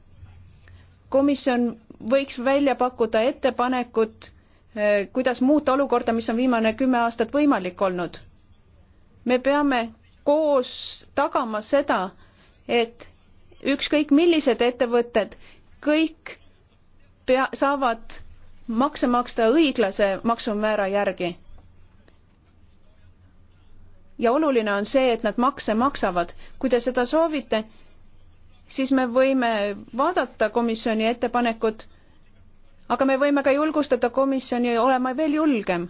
komisjon võiks välja pakkuda ettepanekut, eh, kuidas muuta olukorda, mis on viimane kümme aastat võimalik olnud. me peame koos tagama seda, et ükskõik millised ettevõtted, kõik pea, saavad makse maksta õiglase maksumäära järgi. ja oluline on see, et nad makse maksavad. kui te seda soovite, siis me võime vaadata komisjoni ettepanekut, aga me võime ka julgustada komisjoni olema veel julgem,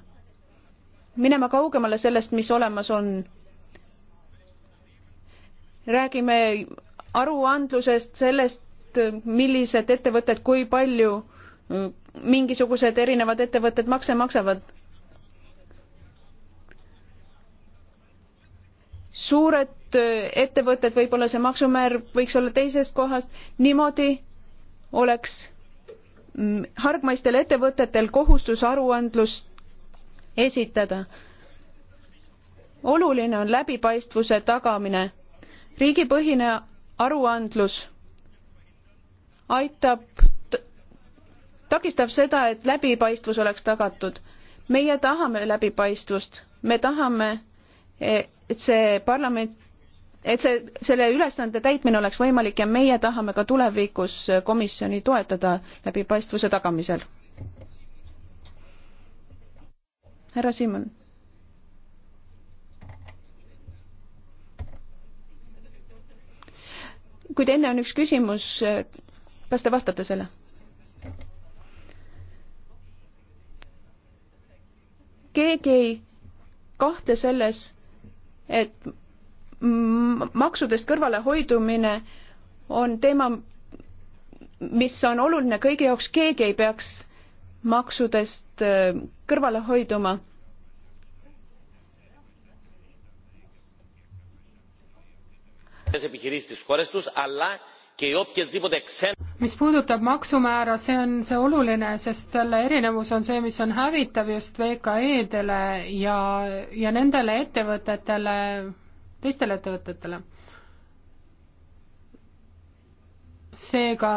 minema kaugemale sellest, mis olemas on. räägime aruandlusest, sellest, millised ettevõtted kui palju mingisugused erinevad ettevõtted makse maksavad. suured äh, ettevõtted, võib-olla see maksumäär võiks olla teisest kohast, niimoodi oleks mm, hargmaistel ettevõtetel kohustus aruandlust esitada. oluline on läbipaistvuse tagamine. riigipõhine aruandlus aitab takistab seda, et läbipaistvus oleks tagatud. meie tahame läbipaistvust, me tahame, e, et see parlament, et see, selle ülesande täitmine oleks võimalik ja meie tahame ka tulevikus komisjoni toetada läbipaistvuse tagamisel. härra Simon kuid enne on üks küsimus kas te vastate selle? keegi ei kahtle selles, et maksudest kõrvalehoidumine on teema, mis on oluline kõigi jaoks, keegi ei peaks maksudest äh, kõrvale hoiduma. επιχειρήσεις στις χώρες τους αλλά mis puudutab maksumäära, see on see oluline, sest selle erinevus on see, mis on hävitav just VKE-dele ja, ja nendele ettevõtetele, teistele ettevõtetele. seega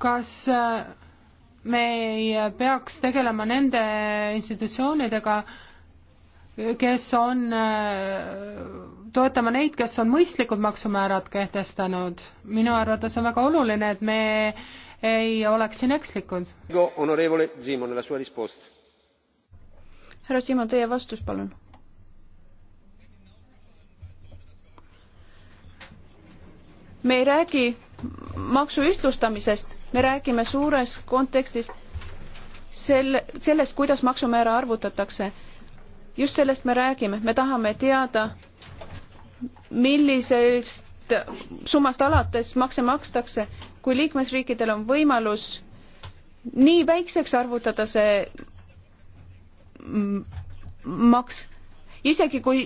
kas äh, me ei peaks tegelema nende institutsioonidega, kes on äh, toetama neid, kes on mõistlikud maksumäärad kehtestanud. minu arvates on väga oluline, et me ei oleks siin ekslikud. härra Siimon, teie vastus, palun. me ei räägi maksu ühtlustamisest, me räägime suures kontekstis sel-, sellest, kuidas maksumäära arvutatakse. just sellest me räägime, me tahame teada, millisest summast alates makse makstakse, kui liikmesriikidel on võimalus nii väikseks arvutada see maks, isegi kui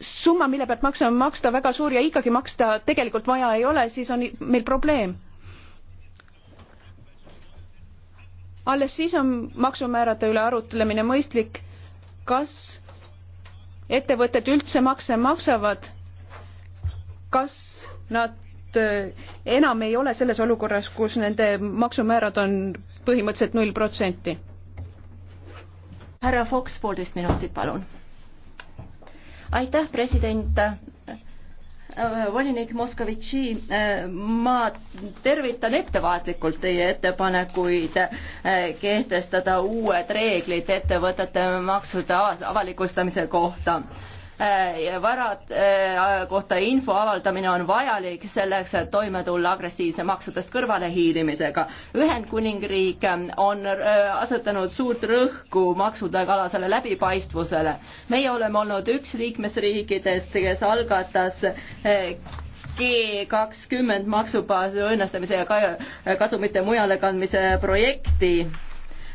summa, mille pealt makse on maksta väga suur ja ikkagi maksta tegelikult vaja ei ole, siis on meil probleem. alles siis on maksumäärade üle arutlemine mõistlik, kas ettevõtted üldse makse maksavad, kas nad eh, enam ei ole selles olukorras, kus nende maksumäärad on põhimõtteliselt null protsenti? härra Fox, poolteist minutit, palun. aitäh, president Äh, volinik Moskovitši, äh, ma tervitan ettevaatlikult teie ettepanekuid äh, kehtestada uued reeglid ettevõtete maksude avalikustamise kohta Äh, varad äh, kohta info avaldamine on vajalik selleks, et toime tulla agressiivse maksudest kõrvalehiilimisega. Ühendkuningriik ähm, on äh, asetanud suurt rõhku maksudega alasele läbipaistvusele. meie oleme olnud üks liikmesriikidest, kes algatas G kakskümmend maksubaasi õõnestamisega kasumite mujale kandmise projekti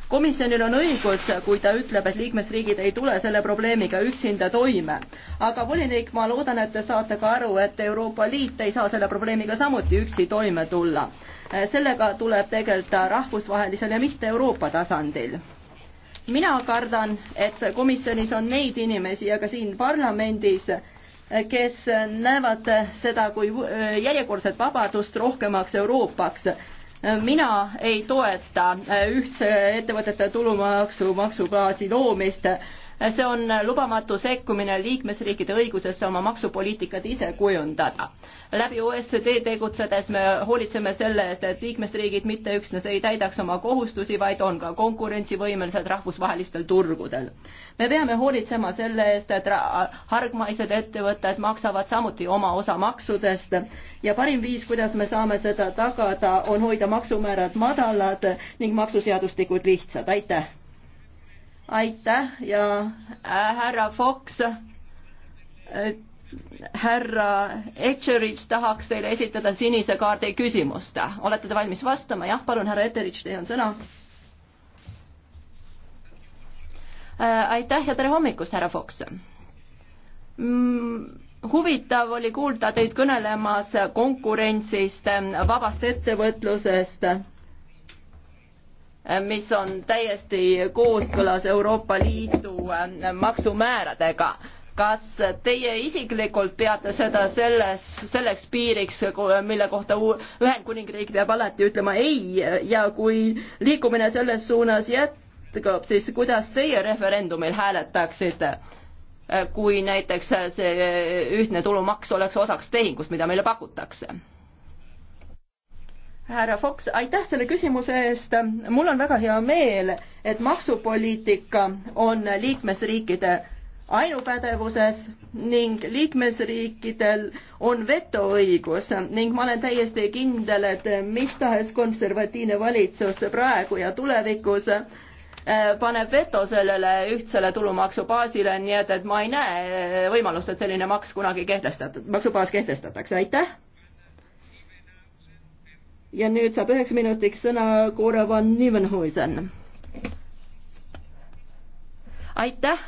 komisjonil on õigus, kui ta ütleb, et liikmesriigid ei tule selle probleemiga üksinda toime. aga volinik, ma loodan, et te saate ka aru, et Euroopa Liit ei saa selle probleemiga samuti üksi toime tulla. sellega tuleb tegeleda rahvusvahelisel ja mitte Euroopa tasandil mina kardan, et komisjonis on neid inimesi ja ka siin parlamendis, kes näevad seda kui järjekordset vabadust rohkemaks Euroopaks mina ei toeta ühtse ettevõtete tulumaksu maksubaasi loomist see on lubamatu sekkumine liikmesriikide õigusesse oma maksupoliitikat ise kujundada. läbi OSCD tegutsedes me hoolitseme selle eest, et liikmesriigid mitte üksnes ei täidaks oma kohustusi, vaid on ka konkurentsivõimelised rahvusvahelistel turgudel. me peame hoolitsema selle eest, et hargmaised ettevõtted maksavad samuti oma osa maksudest ja parim viis, kuidas me saame seda tagada, on hoida maksumäärad madalad ning maksuseadustikud lihtsad, aitäh! aitäh ja äh, härra Fox, härra Etcherich tahaks teile esitada sinise kaardi küsimust. olete te valmis vastama? jah, palun, härra Etcherich, teil on sõna. Äh, aitäh ja tere hommikust, härra Fox mm huvitav oli kuulda teid kõnelemas konkurentsist, vabast ettevõtlusest mis on täiesti kooskõlas Euroopa Liidu äh, maksumääradega. kas teie isiklikult peate seda selles, selleks piiriks, mille kohta Ühendkuningriik peab alati ütlema ei ja kui liikumine selles suunas jätkub, siis kuidas teie referendumil hääletaksite? kui näiteks see ühtne tulumaks oleks osaks tehingust, mida meile pakutakse härra Fox, aitäh selle küsimuse eest. mul on väga hea meel, et maksupoliitika on liikmesriikide ainupädevuses ning liikmesriikidel on vetoõigus ning ma olen täiesti kindel, et mis tahes konservatiivne valitsus praegu ja tulevikus äh, paneb veto sellele ühtsele tulumaksubaasile, nii et, et ma ei näe võimalust, et selline maks kunagi kehtestatud, maksubaas kehtestatakse, aitäh! ja nüüd saab üheks minutiks sõna Cora van Nieuwenhuisen. aitäh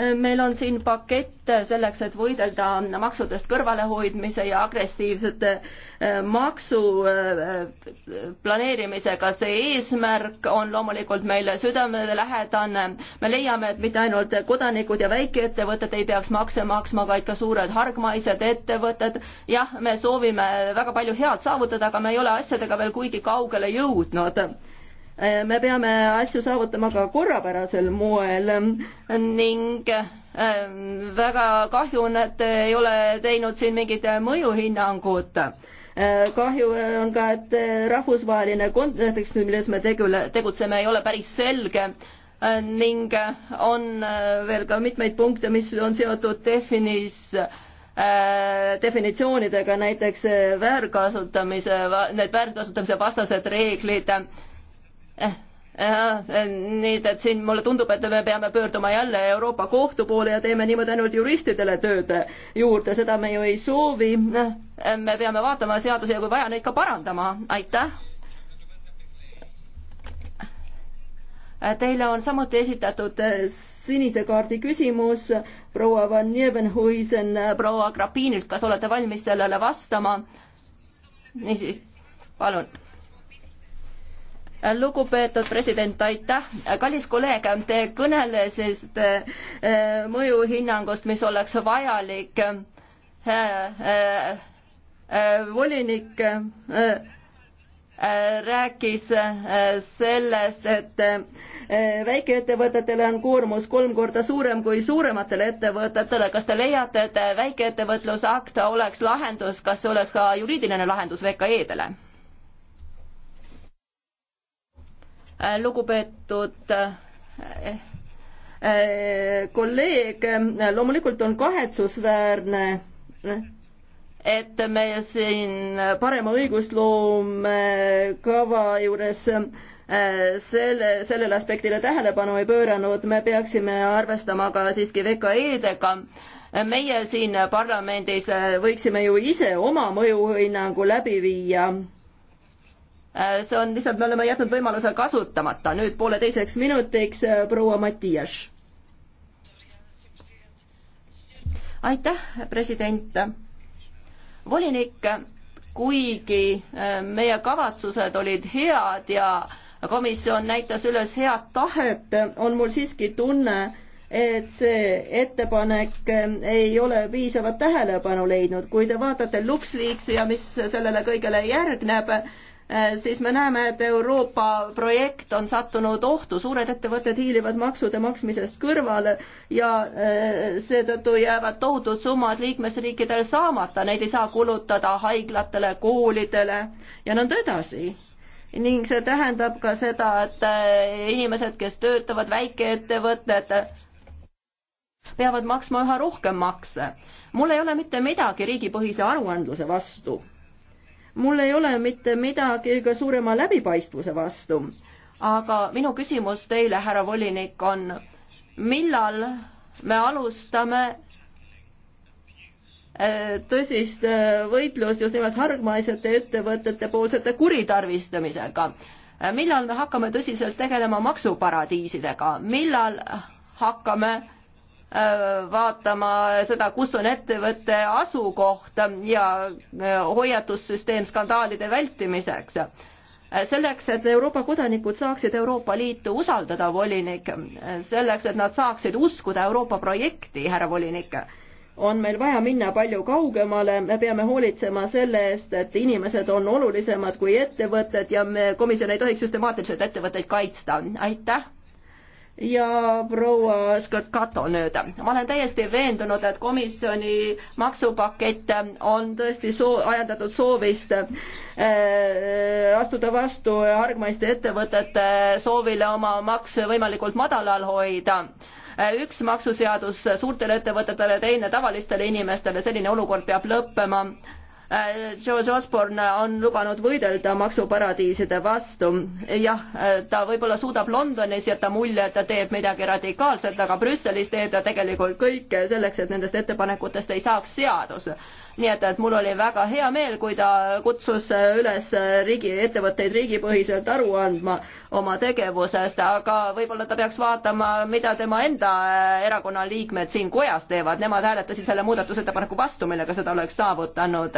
Äh, meil on siin pakett selleks, et võidelda maksudest kõrvalehoidmise ja agressiivsete äh, maksu äh, planeerimisega. see eesmärk on loomulikult meile südamelähedane. me leiame, et mitte ainult kodanikud ja väikeettevõtted ei peaks makse maksma, vaid ka suured hargmaised ettevõtted. jah, me soovime väga palju head saavutada, aga me ei ole asjadega veel kuigi kaugele jõudnud Äh, me peame asju saavutama ka korrapärasel moel ning äh, väga kahju on, et ei ole teinud siin mingit mõjuhinnangut. Äh, kahju on ka, et rahvusvaheline kontekst, milles me tegule, tegutseme, ei ole päris selge ning on veel ka mitmeid punkte, mis on seotud definis definitsioonidega, näiteks väärkasutamise, need väärkasutamise vastased reeglid Eh, eh, nii et siin mulle tundub, et me peame pöörduma jälle Euroopa Kohtu poole ja teeme niimoodi ainult juristidele tööd juurde, seda me ju ei soovi. Eh, me peame vaatama seadusi ja kui vaja, neid ka parandama, aitäh. Teile on samuti esitatud sinise kaardi küsimus proua Van Nieuwenhuisen, proua Grapinilt, kas olete valmis sellele vastama? niisiis, palun lugupeetud president, aitäh. kallis kolleeg, te kõnelesite eh, mõjuhinnangust, mis oleks vajalik. Eh, eh, volinik rääkis sellest, et väikeettevõtetele on koormus kolm korda suurem kui suurematele ettevõtetele. kas te leiate, et väikeettevõtluse akt oleks lahendus, kas see oleks ka juriidiline lahendus VKE-dele? Äh, lugupeetud äh, äh, kolleeg, loomulikult on kahetsusväärne, et me siin parema õigusloome kava juures selle, sellele aspektile tähelepanu ei pööranud, me peaksime arvestama ka siiski VKE-dega. meie siin parlamendis võiksime ju ise oma mõjuhinnangu läbi viia Äh, see on lihtsalt, me oleme jätnud võimaluse kasutamata. nüüd pooleteiseks minutiks äh, proua Matias. aitäh, president. volinik, kuigi äh, meie kavatsused olid head ja komisjon näitas üles head tahet, on mul siiski tunne, et see ettepanek ei ole piisavat tähelepanu leidnud. kui te vaatate LuxLeaksi ja mis sellele kõigele järgneb, Äh, siis me näeme, et Euroopa projekt on sattunud ohtu, suured ettevõtted hiilivad maksude maksmisest kõrvale ja äh, seetõttu jäävad tohutud summad liikmesriikidel saamata, neid ei saa kulutada haiglatele, koolidele ja nõnda edasi ning see tähendab ka seda, et äh, inimesed, kes töötavad, väikeettevõtted, peavad maksma üha rohkem makse. mul ei ole mitte midagi riigipõhise aruandluse vastu mul ei ole mitte midagi ka suurema läbipaistvuse vastu, aga minu küsimus teile, härra volinik, on millal me alustame äh, tõsist äh, võitlust just nimelt hargmaisete ettevõtete poolsete kuritarvistamisega. Äh, millal me hakkame tõsiselt tegelema maksuparadiisidega, millal hakkame vaatama seda, kus on ettevõtte asukoht ja äh, hoiatussüsteem skandaalide vältimiseks. selleks, et Euroopa kodanikud saaksid Euroopa Liitu usaldada, volinik, selleks, et nad saaksid uskuda Euroopa projekti, härra volinik, on meil vaja minna palju kaugemale, me peame hoolitsema selle eest, et inimesed on olulisemad kui ettevõtted ja me, komisjon ei tohiks süstemaatiliselt ettevõtteid kaitsta. aitäh! ja proua Scott Cato nüüd. ma olen täiesti veendunud, et komisjoni maksupakett on tõesti soo-, ajendatud soovist äh, äh astuda vastu hargmaiste ettevõtete soovile oma makse võimalikult madalal hoida äh, üks maksuseadus suurtele ettevõtetele, teine tavalistele inimestele, selline olukord peab lõppema Äh, George Osborne on lubanud võidelda maksuparadiiside vastu. jah, äh, ta võib-olla suudab Londonis jätta mulje, et ta teeb midagi radikaalset, aga Brüsselis teeb ta tegelikult kõike selleks, et nendest ettepanekutest ei saaks seadus nii et, et mul oli väga hea meel, kui ta kutsus üles riigi, ettevõtteid riigipõhiselt aru andma oma tegevusest, aga võib-olla ta peaks vaatama, mida tema enda erakonna liikmed siin kojas teevad, nemad hääletasid selle muudatusettepaneku vastu, millega seda oleks saavutanud.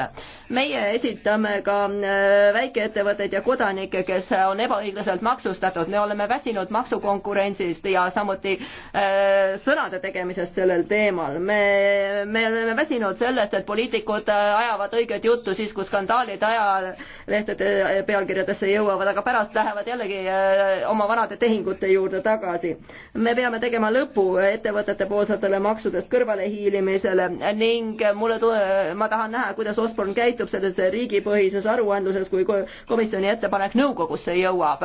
meie esitame ka äh, väikeettevõtteid ja kodanikke, kes on ebaõiglaselt maksustatud, me oleme väsinud maksukonkurentsist ja samuti äh, sõnade tegemisest sellel teemal, me, me oleme väsinud sellest, et poliitikud poliitikud äh, ajavad õiget juttu siis, kui skandaalid ajalehtede äh, pealkirjadesse jõuavad, aga pärast lähevad jällegi äh, oma vanade tehingute juurde tagasi. me peame tegema lõpu ettevõtete poolsetele maksudest kõrvalehiilimisele ning mulle tule-, ma tahan näha, kuidas Osborne käitub selles riigipõhises aruandluses, kui komisjoni ettepanek nõukogusse jõuab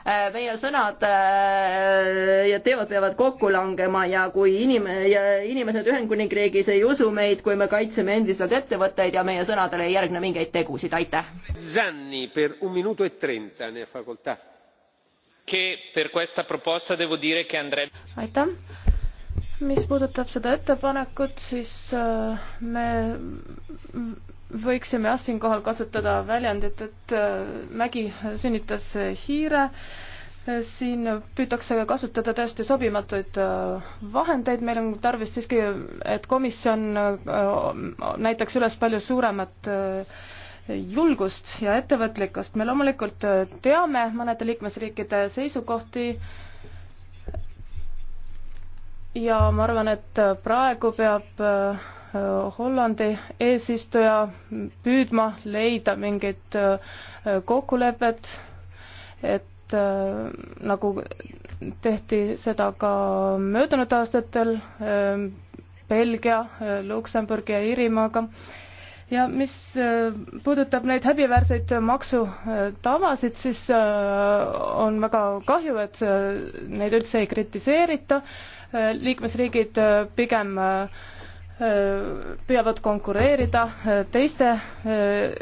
Äh, meie sõnad äh, ja teod peavad kokku langema ja kui inim- ja inimesed Ühendkuningriigis ei usu meid, kui me kaitseme endiselt ettevõtteid ja meie sõnadele ei järgne mingeid tegusid, aitäh. Zanni per un minuto e trenta ne facoltà. Che per questa proposta devo dire che andrebbe. aitäh mis puudutab seda ettepanekut, siis äh, me võiksime jah siinkohal kasutada väljendit, et äh, mägi sünnitas hiire. siin püütakse kasutada täiesti sobimatuid äh, vahendeid, meil on tarvis siiski, et komisjon äh, näitaks üles palju suuremat julgust ja ettevõtlikkust. me loomulikult teame mõnede liikmesriikide seisukohti ja ma arvan, et praegu peab Äh, Hollandi eesistuja püüdma leida mingit äh, kokkulepet, et äh, nagu tehti seda ka möödunud aastatel Belgia, Luksemburgi ja Iirimaaga. ja mis puudutab neid häbiväärseid maksutavasid, siis on väga kahju, et neid üldse ei kritiseerita, liikmesriigid pigem äh, Äh, püüavad konkureerida äh, teiste äh,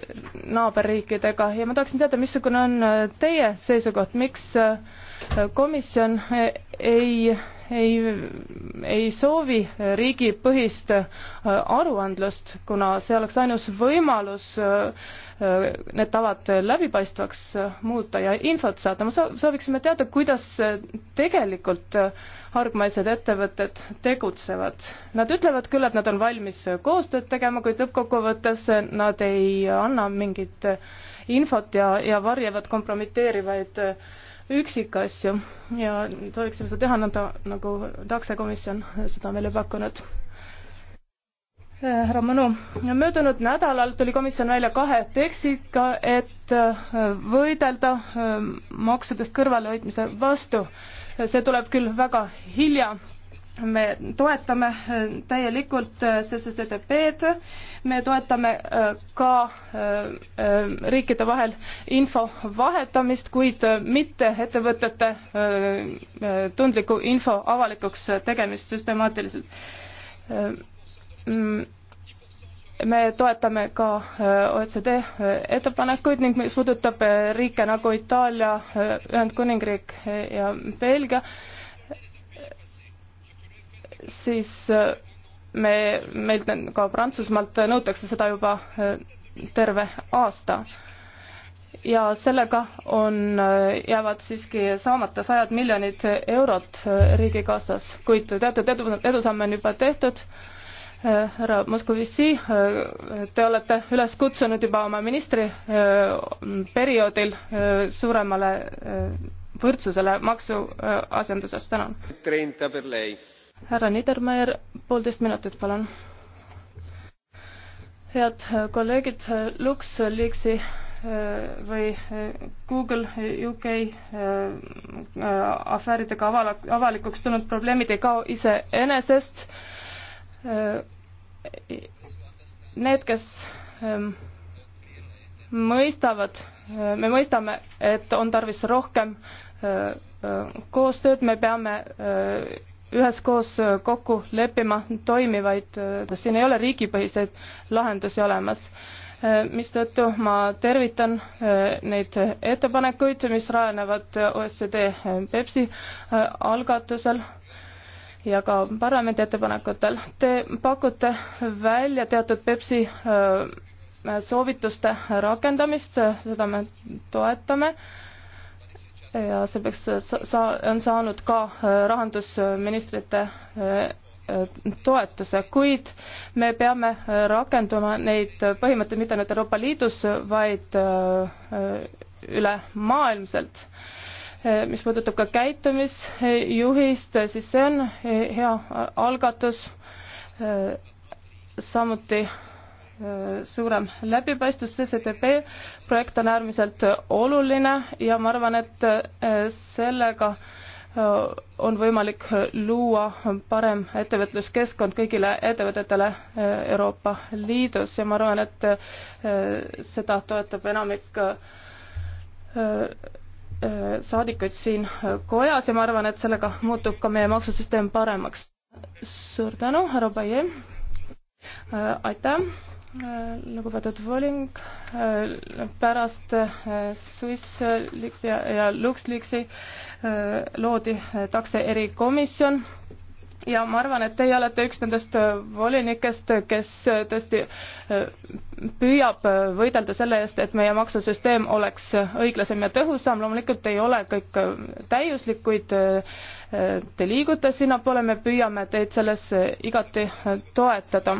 naaberriikidega ja ma tahaksin teada, missugune on teie seisukoht, miks komisjon ei ei, ei soovi riigipõhist äh, aruandlust, kuna see oleks ainus võimalus äh, need tavad läbipaistvaks äh, muuta ja infot saada. me sooviksime teada, kuidas tegelikult hargmaised ettevõtted tegutsevad. Nad ütlevad küll, et nad on valmis koostööd tegema, kuid lõppkokkuvõttes nad ei anna mingit infot ja, ja varjavad kompromiteerivaid äh, üksikasju ja tohiksime seda teha nõnda, nagu taksekomisjon nagu seda meile pakkunud. Äh, härra Mõnu, möödunud nädalal tuli komisjon välja kahe tekstiga, et äh, võidelda äh, maksudest kõrvalehoidmise vastu. see tuleb küll väga hilja me toetame äh, täielikult äh, CCCTB-d, me toetame äh, ka riikide vahel info vahetamist, kuid mitte ettevõtete tundliku info avalikuks tegemist süstemaatiliselt. Mm, me toetame ka OECD ettepanekuid ning mis puudutab riike nagu Itaalia, Ühendkuningriik ja Belgia, siis äh, me, meil ka Prantsusmaalt nõutakse seda juba äh, terve aasta. ja sellega on, äh, jäävad siiski saamata sajad miljonid eurot riigikassas, kuid teatud edu, edusamme on juba tehtud härra Moskovitši, te olete üles kutsunud juba oma ministri perioodil suuremale võrdsusele maksuasenduses, tänan härra Niedermayer, poolteist minutit, palun. head äh, kolleegid, äh, LuxLeaksi äh, või Google UK afääridega avalikuks tulnud probleemid ei kao iseenesest. Need, kes ähm, mõistavad, me mõistame, et on tarvis rohkem koostööd, me peame üheskoos äh, kokku leppima toimivaid, äh, siin ei ole riigipõhiseid lahendusi olemas, äh, mistõttu ma tervitan neid ettepanekuid, mis rajanevad OECD Pepsi algatusel ja ka parlamendi ettepanekutel. Te pakute välja teatud Pepsi soovituste rakendamist, seda me toetame ja see peaks sa-, on saanud ka äh, rahandusministrite äh, äh, toetuse, kuid me peame rakendama neid põhimõtteid mitte ainult Euroopa Liidus, vaid ülemaailmselt. mis puudutab ka käitumisjuhist, siis see on hea algatus, samuti suurem läbipaistvus, CCTP projekt on äärmiselt oluline ja ma arvan, et äh, sellega äh, on võimalik luua parem ettevõtluskeskkond kõigile ettevõtetele äh, Euroopa Liidus ja ma arvan, et seda toetab enamik saadikuid siin kojas ja ma arvan, et sellega muutub ka meie maksusüsteem paremaks. suur tänu, härra Paie. aitäh Äh, lugupeetud Voling, äh, pärast äh, Swiss Leaks ja, ja LuxLeaksi loodi takse erikomisjon ja ma arvan, et teie olete üks nendest volinikest, kes tõesti püüab võidelda selle eest, et meie maksusüsteem oleks õiglasem ja tõhusam, loomulikult ei ole kõik täiuslik, kuid te liigute sinnapoole, me püüame teid selles igati toetada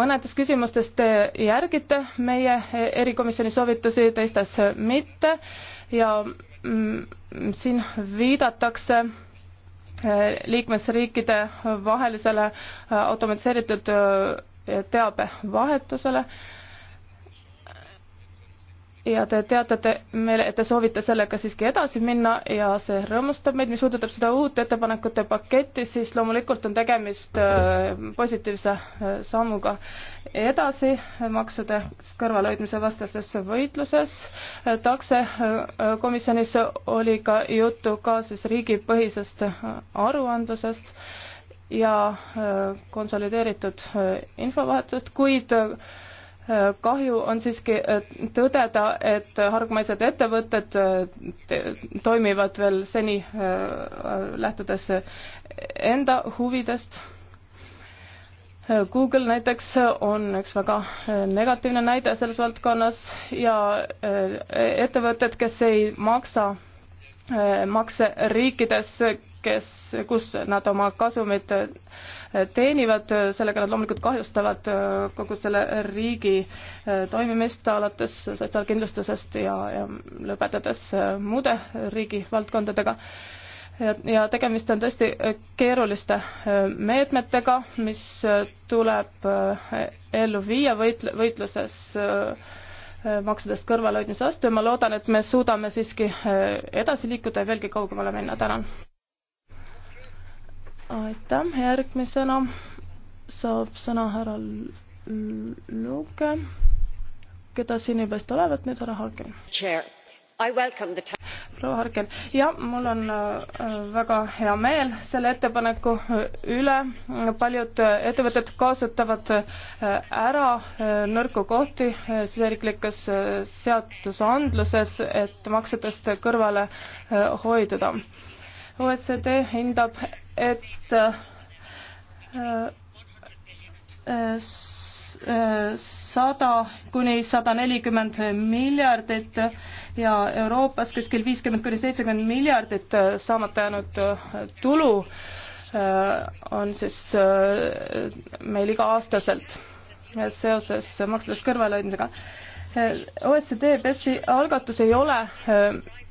mõnedes küsimustes te järgite meie erikomisjoni soovitusi, teistes mitte ja mm, siin viidatakse äh, liikmesriikide vahelisele äh, automatiseeritud äh, teabevahetusele ja te teatate meile, et te soovite sellega siiski edasi minna ja see rõõmustab meid, mis puudutab seda uut ettepanekute paketti, siis loomulikult on tegemist äh, positiivse äh, sammuga edasi maksude kõrvalhoidmise vastases võitluses. Äh, takse komisjonis oli ka juttu ka siis riigipõhisest aruandlusest ja konsolideeritud infovahetusest, kuid kahju on siiski tõdeda, et hargmaised ettevõtted toimivad veel seni äh, lähtudes enda huvidest. Google näiteks on üks väga äh, negatiivne näide selles valdkonnas ja äh, ettevõtted, kes ei maksa makse riikides, kes, kus nad oma kasumit teenivad, sellega nad loomulikult kahjustavad äh, kogu selle riigi äh, toimimist, alates sotsiaalkindlustusest ja, ja lõpetades äh, muude riigi valdkondadega. ja, ja tegemist on tõesti keeruliste meetmetega, mis tuleb ellu viia võitle, võitluses maksudest kõrvalehoidmise vastu ja ma loodan, et me suudame siiski edasi liikuda ja veelgi kaugemale minna, tänan! aitäh, järgmisena saab sõna härra Luke, keda siin ei paista olevat, nüüd härra Harkin. proua Harkin, jah, mul on äh, väga hea meel selle ettepaneku äh, üle, paljud äh, ettevõtted kasutavad ära nõrku kohti siseriiklikus seadusandluses, et maksetest kõrvale hoiduda OECD hindab, et äh, äh, äh, sada kuni sada nelikümmend miljardit ja Euroopas kuskil viiskümmend kuni seitsekümmend miljardit saamata jäänud tulu on siis meil iga-aastaselt seoses maksudest kõrvalehoidmisega. OECD BEPS-i algatus ei ole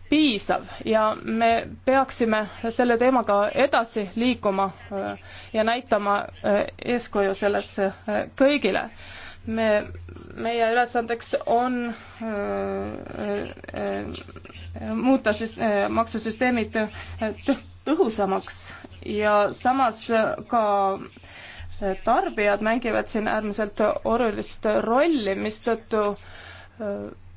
piisav ja me peaksime selle teemaga edasi liikuma äh, ja näitama äh, eeskuju selles äh, kõigile. me, meie ülesandeks on muuta siis maksusüsteemid tõhusamaks ja samas ka tarbijad mängivad siin äärmiselt olulist rolli, mistõttu äh,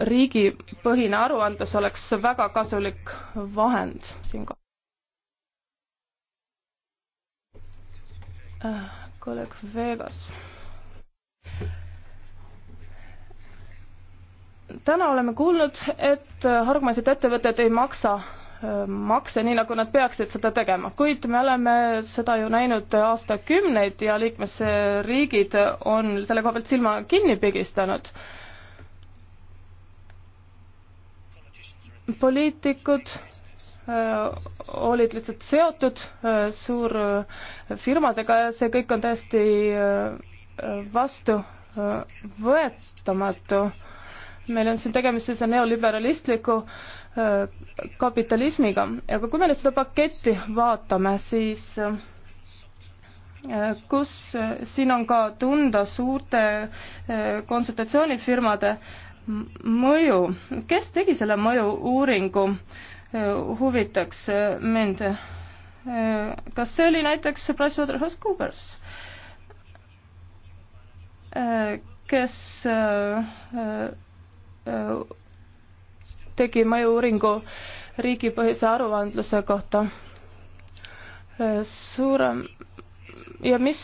riigipõhine aruandlus oleks väga kasulik vahend siinkohal. Äh, kolleeg Vegas. täna oleme kuulnud, et hargmaised ettevõtted ei maksa äh, makse nii, nagu nad peaksid seda tegema, kuid me oleme seda ju näinud aastakümneid ja liikmesriigid on selle koha pealt silma kinni pigistanud poliitikud äh, olid lihtsalt seotud äh, suurfirmadega ja see kõik on täiesti äh, vastuvõetamatu. meil on siin tegemist sellise neoliberalistliku kapitalismiga, aga kui me nüüd seda paketti vaatame, siis kus siin on ka tunda suurte konsultatsioonifirmade äh, mõju, kes tegi selle mõju-uuringu, huvitaks mind. kas see oli näiteks PricewaterhouseCoopers, kes tegi mõju-uuringu riigipõhise aruandluse kohta? suurem ja mis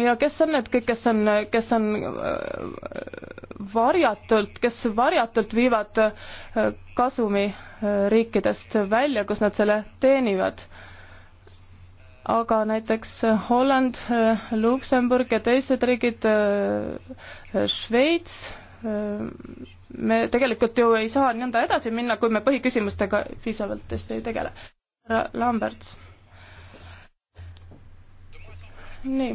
ja kes on need kõik, kes on, kes on äh, varjatult, kes varjatult viivad äh, kasumi äh, riikidest välja, kus nad selle teenivad? aga näiteks Holland, Luksemburg ja teised riigid, Šveits, me tegelikult ju ei saa nõnda edasi minna, kui me põhiküsimustega piisavalt tõesti ei tegele. härra Lamberts. nii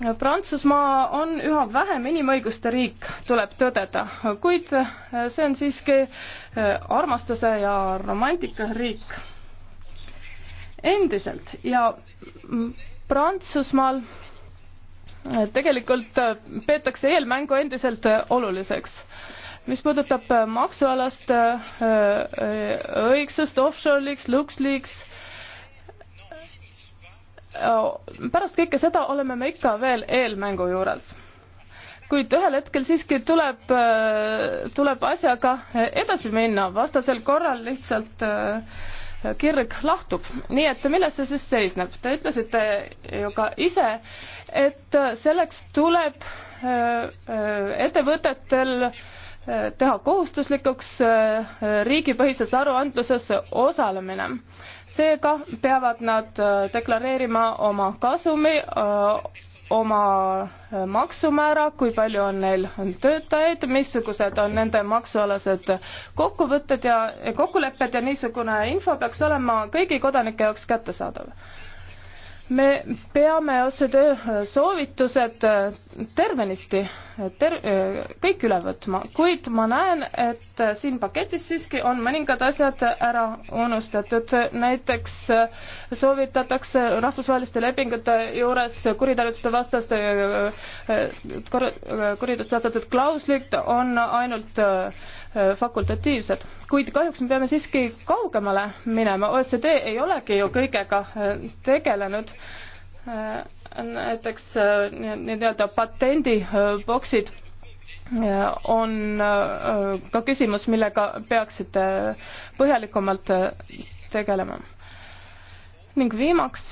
Prantsusmaa on üha vähem inimõiguste riik, tuleb tõdeda, kuid see on siiski äh, armastuse ja romantika riik. endiselt ja Prantsusmaal äh, tegelikult äh, peetakse eelmängu endiselt oluliseks. mis puudutab maksualast õigsust, offshore'iks, LuxLeaks pärast kõike seda oleme me ikka veel eelmängu juures. kuid ühel hetkel siiski tuleb, tuleb asjaga edasi minna, vastasel korral lihtsalt äh, kirg lahtub. nii et milles see siis seisneb? Te ütlesite ju ka ise, et selleks tuleb äh, äh, ettevõtetel teha kohustuslikuks riigipõhises aruandluses osalemine seega peavad nad äh, deklareerima oma kasumi, äh, oma äh, maksumäära, kui palju on neil töötajaid, missugused on nende maksualased kokkuvõtted ja kokkulepped ja niisugune info peaks olema kõigi kodanike jaoks kättesaadav me peame OCD soovitused tervenisti ter-, kõik üle võtma, kuid ma näen, et siin paketis siiski on mõningad asjad ära unustatud, näiteks soovitatakse rahvusvaheliste lepingute juures kuritarvituste vastaste, kuritarvituste vastased klauslid on ainult äh, fakultatiivsed, kuid kahjuks me peame siiski kaugemale minema, OECD ei olegi ju kõigega äh, tegelenud äh, näiteks äh, nii-öelda patendiboksid äh, äh, on ka küsimus, millega peaksite põhjalikumalt tegelema. ning viimaks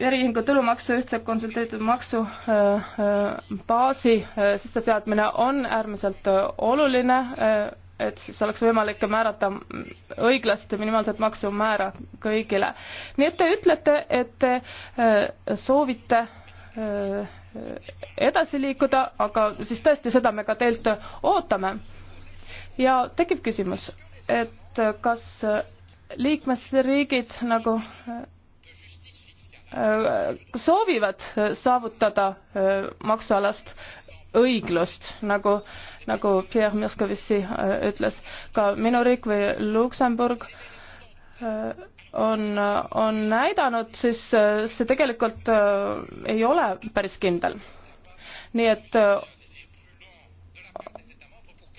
äriühingu tulumaksu ühtse konsulteeritud maksubaasi sisseseadmine on äärmiselt oluline et siis oleks võimalik määrata õiglast minimaalset maksumäära kõigile. nii et te ütlete, et te äh, soovite äh, edasi liikuda, aga siis tõesti, seda me ka teilt ootame. ja tekib küsimus, et kas liikmesriigid nagu äh, soovivad saavutada maksualast õiglust, nagu, nagu Pierre Moskovitši äh, ütles. ka minu riik või Luksemburg äh, on, on näidanud, siis äh, see tegelikult ei ole päris kindel. nii et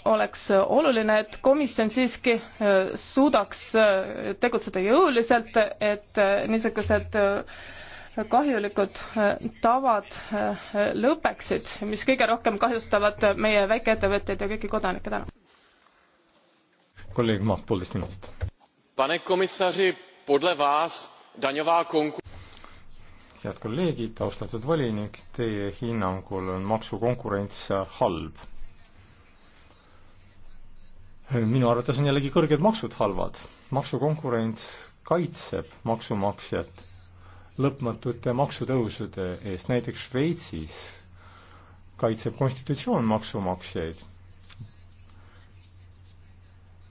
oleks oluline, et komisjon siiski suudaks tegutseda jõuliselt, et niisugused kahjulikud äh, tavad äh, lõpeksid, mis kõige rohkem kahjustavad äh, meie väikeettevõtteid ja kõiki kodanikke täna. kolleeg Maht, poolteist minutit. pane komissari, podle vas daňová konku-. head kolleegid, austatud volinik, teie hinnangul on maksukonkurents halb? minu arvates on jällegi kõrged maksud halvad. maksukonkurents kaitseb maksumaksjat lõpmatute maksutõusude eest, näiteks Šveitsis kaitseb konstitutsioon maksumaksjaid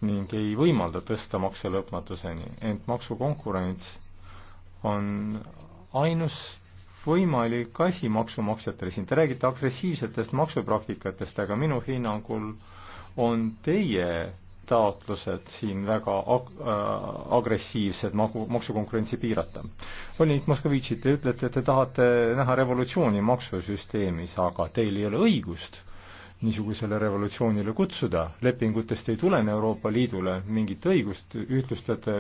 ning ei võimalda tõsta makse lõpmatuseni, ent maksukonkurents on ainus võimalik asi maksumaksjatele siin, te räägite agressiivsetest maksupraktikatest, aga minu hinnangul on teie taotlused siin väga ag-, äh, agressiivsed magu, maksukonkurentsi piirata. volinik Moskovitši, te ütlete, et te tahate näha revolutsiooni maksusüsteemis, aga teil ei ole õigust niisugusele revolutsioonile kutsuda, lepingutest ei tulene Euroopa Liidule mingit õigust ühtlustada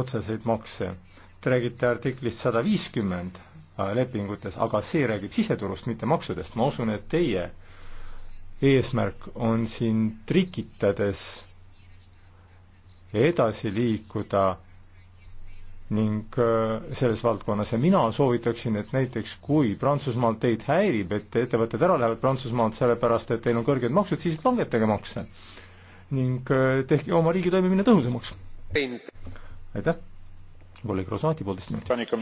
otseseid makse. Te räägite artiklist sada viiskümmend äh, lepingutes, aga see räägib siseturust, mitte maksudest. ma usun, et teie eesmärk on siin trikitades edasi liikuda ning äh, selles valdkonnas ja mina soovitaksin, et näiteks kui Prantsusmaal teid häirib, et ettevõtted ära lähevad Prantsusmaalt sellepärast, et teil on kõrged maksud, siis langetage makse ning äh, tehke oma riigi toimimine tõhusamaks. aitäh. kolleeg Rosati poolteist minutit.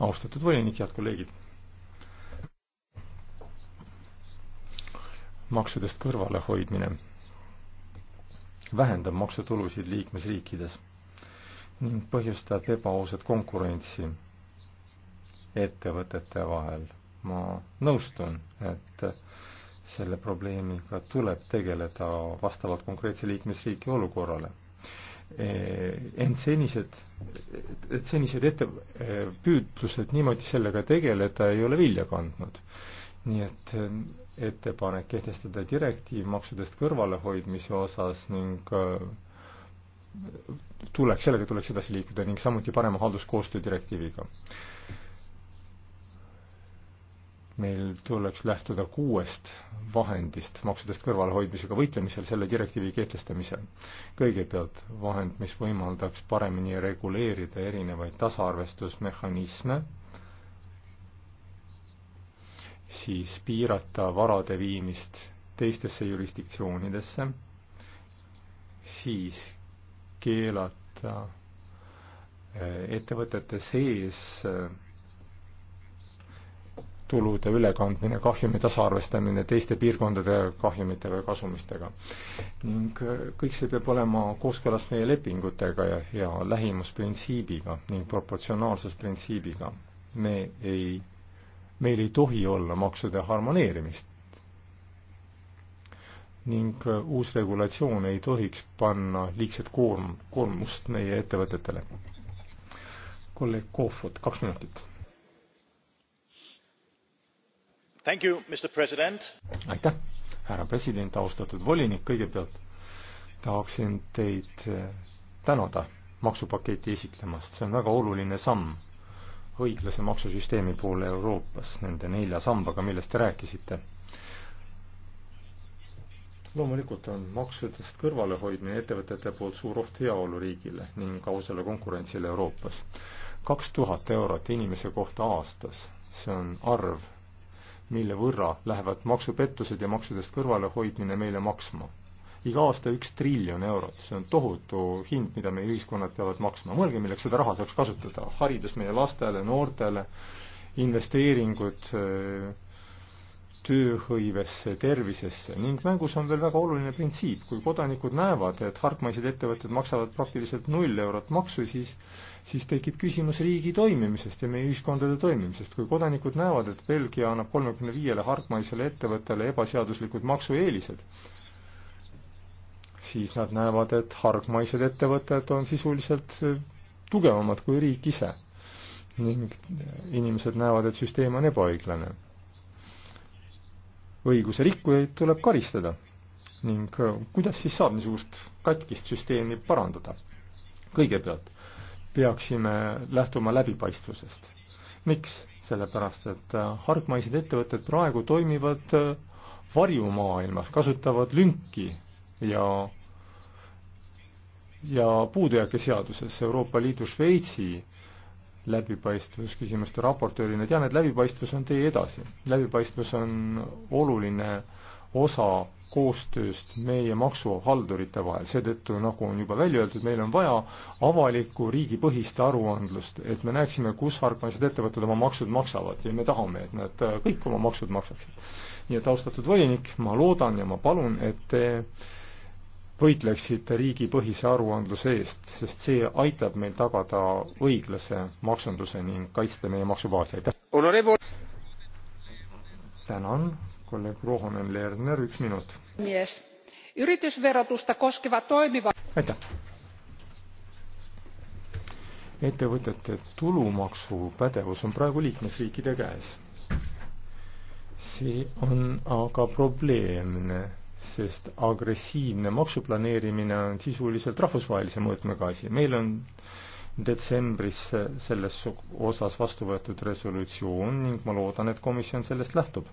austatud volinik, head kolleegid maksudest kõrvalehoidmine vähendab maksutulusid liikmesriikides ning põhjustab ebaausat konkurentsi ettevõtete vahel. ma nõustun, et selle probleemiga tuleb tegeleda vastavalt konkreetse liikmesriigi olukorrale e, ent senised, et senised ette, e, püüdlused niimoodi sellega tegeleda ei ole vilja kandnud. nii et ettepanek kehtestada direktiiv maksudest kõrvalehoidmise osas ning äh, tuleks, sellega tuleks edasi liikuda ning samuti parema halduskoostöö direktiiviga. meil tuleks lähtuda kuuest vahendist maksudest kõrvalehoidmisega võitlemisel selle direktiivi kehtestamisel. kõigepealt vahend, mis võimaldaks paremini reguleerida erinevaid tasaarvestusmehhanisme siis piirata varade viimist teistesse jurisdiktsioonidesse, siis keelata äh, ettevõtete sees äh, tulude ülekandmine, kahjumi tasaarvestamine teiste piirkondade kahjumite või kasumistega. ning äh, kõik see peab olema kooskõlas meie lepingutega ja, ja lähimusprintsiibiga ning proportsionaalsusprintsiibiga. me ei meil ei tohi olla maksude harmoneerimist. ning äh, uus regulatsioon ei tohiks panna liigset koorm, koormust meie ettevõtetele. kolleeg Kohvut, kaks minutit. aitäh, härra president, austatud volinik, kõigepealt tahaksin teid äh, tänada maksupaketi esitlemast, see on väga oluline samm õiglase maksusüsteemi poole Euroopas nende nelja sambaga, millest te rääkisite. loomulikult on maksudest kõrvalehoidmine ettevõtete poolt suur oht heaoluriigile ning ausale konkurentsile Euroopas. kaks tuhat eurot inimese kohta aastas, see on arv, mille võrra lähevad maksupettused ja maksudest kõrvalehoidmine meile maksma iga aasta üks triljon eurot, see on tohutu hind, mida meie ühiskonnad peavad maksma, mõelge, milleks seda raha saaks kasutada, haridus meie lastele, noortele, investeeringud äh, tööhõivesse, tervisesse ning mängus on veel väga oluline printsiip, kui kodanikud näevad, et hargmaised ettevõtted maksavad praktiliselt null eurot maksu, siis siis tekib küsimus riigi toimimisest ja meie ühiskondade toimimisest. kui kodanikud näevad, et Belgia annab kolmekümne viiele hargmaisele ettevõttele ebaseaduslikud maksueelised, siis nad näevad, et hargmaised ettevõtted on sisuliselt e, tugevamad kui riik ise. ning inimesed näevad, et süsteem on ebaõiglane. õiguse rikkujaid tuleb karistada ning e, kuidas siis saab niisugust katkist süsteemi parandada? kõigepealt peaksime lähtuma läbipaistvusest. miks? sellepärast, et e, hargmaised ettevõtted praegu toimivad varjumaailmas, kasutavad lünki ja ja puudujääke seaduses Euroopa Liidu Šveitsi läbipaistvusküsimuste raportöörina tean, et läbipaistvus on tee edasi. läbipaistvus on oluline osa koostööst meie maksuhaldurite vahel, seetõttu nagu on juba välja öeldud, meil on vaja avalikku riigipõhist aruandlust, et me näeksime, kus hargmaised ettevõtted oma maksud maksavad ja me tahame, et nad äh, kõik oma maksud maksaksid. nii et austatud volinik, ma loodan ja ma palun, et te võitleksite riigipõhise aruandluse eest, sest see aitab meil tagada õiglase maksunduse ning kaitsta meie maksubaasi, aitäh! tänan, kolleeg Ruohonen Lerner, üks minut. yritysverotusta koskeva toimiva aitäh! ettevõtete tulumaksupädevus on praegu liikmesriikide käes. see on aga probleemne sest agressiivne maksuplaneerimine on sisuliselt rahvusvahelise mõõtmega asi. meil on detsembris selles osas vastu võetud resolutsioon ning ma loodan, et komisjon sellest lähtub.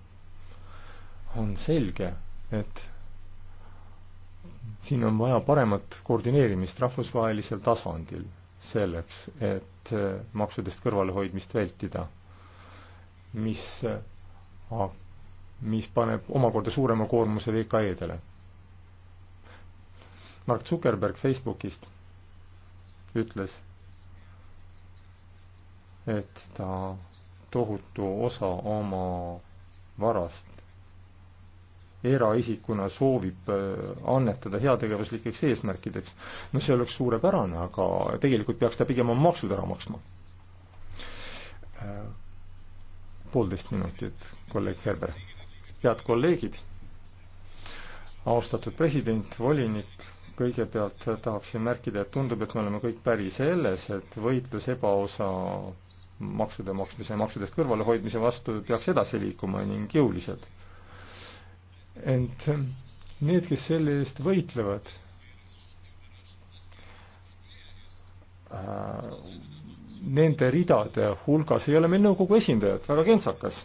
on selge, et siin on vaja paremat koordineerimist rahvusvahelisel tasandil selleks, et maksudest kõrvalehoidmist vältida, mis mis paneb omakorda suurema koormuse VKE-dele. Mark Zuckerberg Facebookist ütles, et ta tohutu osa oma varast eraisikuna soovib äh, annetada heategevuslikeks eesmärkideks. no see oleks suurepärane, aga tegelikult peaks ta pigem oma maksud ära maksma. Äh, poolteist minutit, kolleeg Herber head kolleegid, austatud president, volinik, kõigepealt tahaksin märkida, et tundub, et me oleme kõik päri selles, et võitlus ebaausa maksude maksmise ja maksudest kõrvalehoidmise vastu peaks edasi liikuma ning jõuliselt. ent need, kes selle eest võitlevad äh,, nende ridade hulgas ei ole meil nõukogu esindajat, väga kentsakas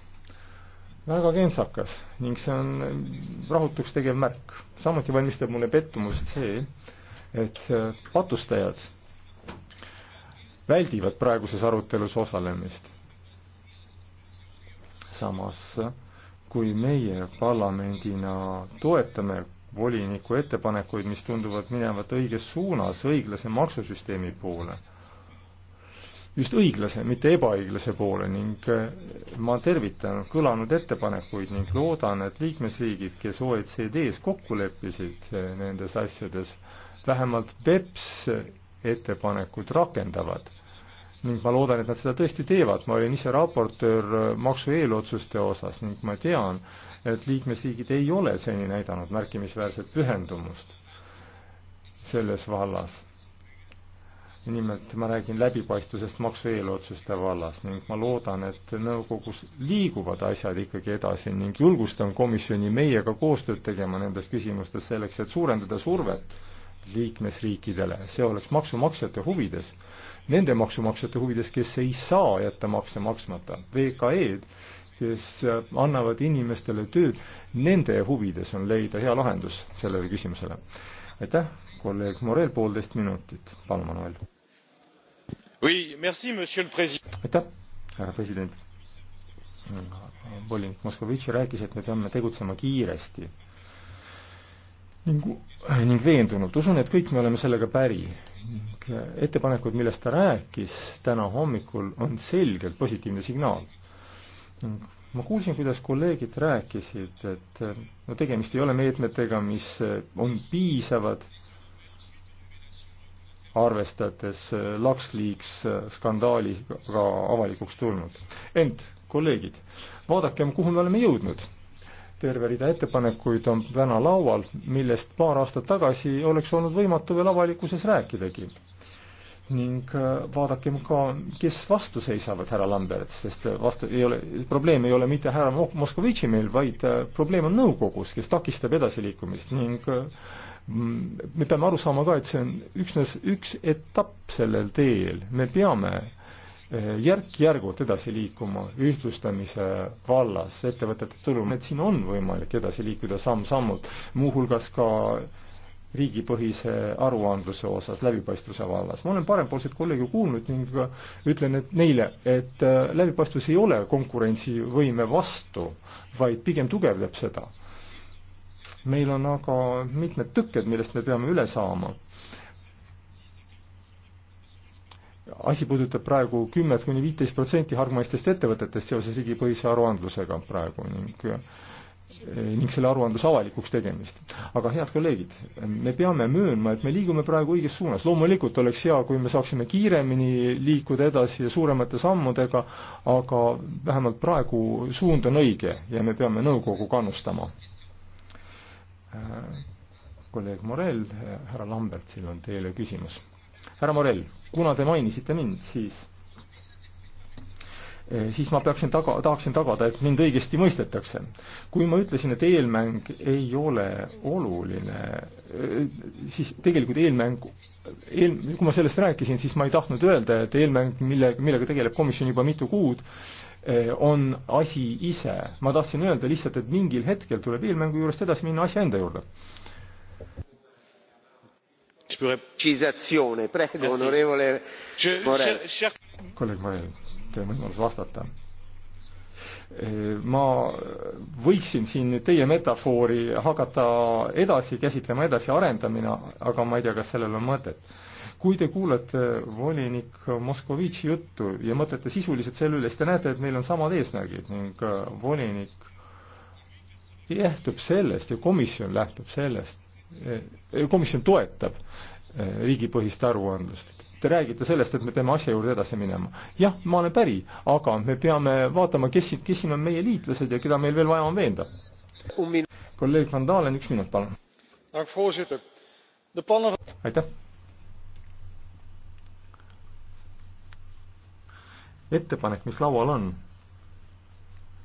väga kentsakas ning see on rahutuks tegev märk. samuti valmistab mulle pettumust see, et äh, patustajad väldivad praeguses arutelus osalemist. samas, äh, kui meie parlamendina toetame voliniku ettepanekuid, mis tunduvad minevat õiges suunas, õiglase maksusüsteemi poole just õiglase, mitte ebaõiglase poole ning äh, ma tervitan kõlanud ettepanekuid ning loodan, et liikmesriigid, kes OECD-s kokku leppisid äh, nendes asjades, vähemalt BEPS ettepanekud rakendavad. ning ma loodan, et nad seda tõesti teevad, ma olin ise raportöör äh, maksu eelotsuste osas ning ma tean, et liikmesriigid ei ole seni näidanud märkimisväärset pühendumust selles vallas nimelt ma räägin läbipaistvusest maksueelotsuste vallas ning ma loodan, et nõukogus liiguvad asjad ikkagi edasi ning julgustan komisjoni meiega koostööd tegema nendes küsimustes selleks, et suurendada survet liikmesriikidele, see oleks maksumaksjate huvides, nende maksumaksjate huvides, kes ei saa jätta makse maksmata, VKE-d, kes annavad inimestele tööd, nende huvides on leida hea lahendus sellele küsimusele. aitäh, kolleeg Morel, poolteist minutit, palun, Manuel aitäh, härra president. volinik Moskovitš rääkis, et me peame tegutsema kiiresti ning, ning veendunult. usun, et kõik me oleme sellega päri. ettepanekud, millest ta rääkis täna hommikul, on selgelt positiivne signaal ma kuulsin, kuidas kolleegid rääkisid, et no tegemist ei ole meetmetega, mis on piisavad arvestades äh, LuxLeaks äh, skandaaliga avalikuks tulnud. ent, kolleegid, vaadakem, kuhu me oleme jõudnud. terve rida ettepanekuid on täna laual, millest paar aastat tagasi oleks olnud võimatu veel avalikkuses rääkidagi. ning äh, vaadakem ka, kes vastu seisavad härra Lambert, sest vastu ei ole, probleem ei ole mitte härra Moskovitši meil, vaid probleem on nõukogus, kes takistab edasiliikumist ning äh, Mm, me peame aru saama ka, et see on üksnes üks etapp sellel teel, me peame eh, järk-järgult edasi liikuma ühtlustamise vallas, ettevõtete tulum, et siin on võimalik edasi liikuda samm-sammult, muuhulgas ka riigipõhise aruandluse osas, läbipaistvuse vallas. ma olen parempoolseid kolleege kuulnud ning ütlen et neile, et eh, läbipaistvus ei ole konkurentsivõime vastu, vaid pigem tugevdab seda meil on aga mitmed tõkked, millest me peame üle saama. asi puudutab praegu kümmet kuni viiteist protsenti hargmaistest ettevõtetest seoses riigipõhise aruandlusega praegu ning ning selle aruandluse avalikuks tegemist. aga head kolleegid, me peame möönma, et me liigume praegu õiges suunas. loomulikult oleks hea, kui me saaksime kiiremini liikuda edasi ja suuremate sammudega, aga vähemalt praegu suund on õige ja me peame nõukogu kannustama. Äh, kolleeg Morell, härra Lambertsil on teile küsimus. härra Morell, kuna te mainisite mind, siis äh, siis ma peaksin taga, tahaksin tagada, et mind õigesti mõistetakse. kui ma ütlesin, et eelmäng ei ole oluline, äh, siis tegelikult eelmäng, eel-, kui ma sellest rääkisin, siis ma ei tahtnud öelda, et eelmäng, mille, millega tegeleb komisjon juba mitu kuud, Eh, on asi ise. ma tahtsin öelda lihtsalt, et mingil hetkel tuleb eelmängu juurest edasi minna asja enda juurde. kolleeg Morel, teie võimalus vastata. Eh, ma võiksin siin nüüd teie metafoori hakata edasi käsitlema, edasi arendamine, aga ma ei tea, kas sellel on mõtet kui te kuulete volinik Moskovitši juttu ja mõtlete sisuliselt selle üle, siis te näete, et meil on samad eesmärgid ning äh, volinik lähtub sellest ja komisjon lähtub sellest, äh, komisjon toetab äh, riigipõhist aruandlust. Te räägite sellest, et me peame asja juurde edasi minema. jah, ma olen päri, aga me peame vaatama, kes siin, kes siin on meie liitlased ja keda meil veel vaja on veenda. kolleeg Van Dalen, üks minut, palun. aitäh. ettepanek, mis laual on,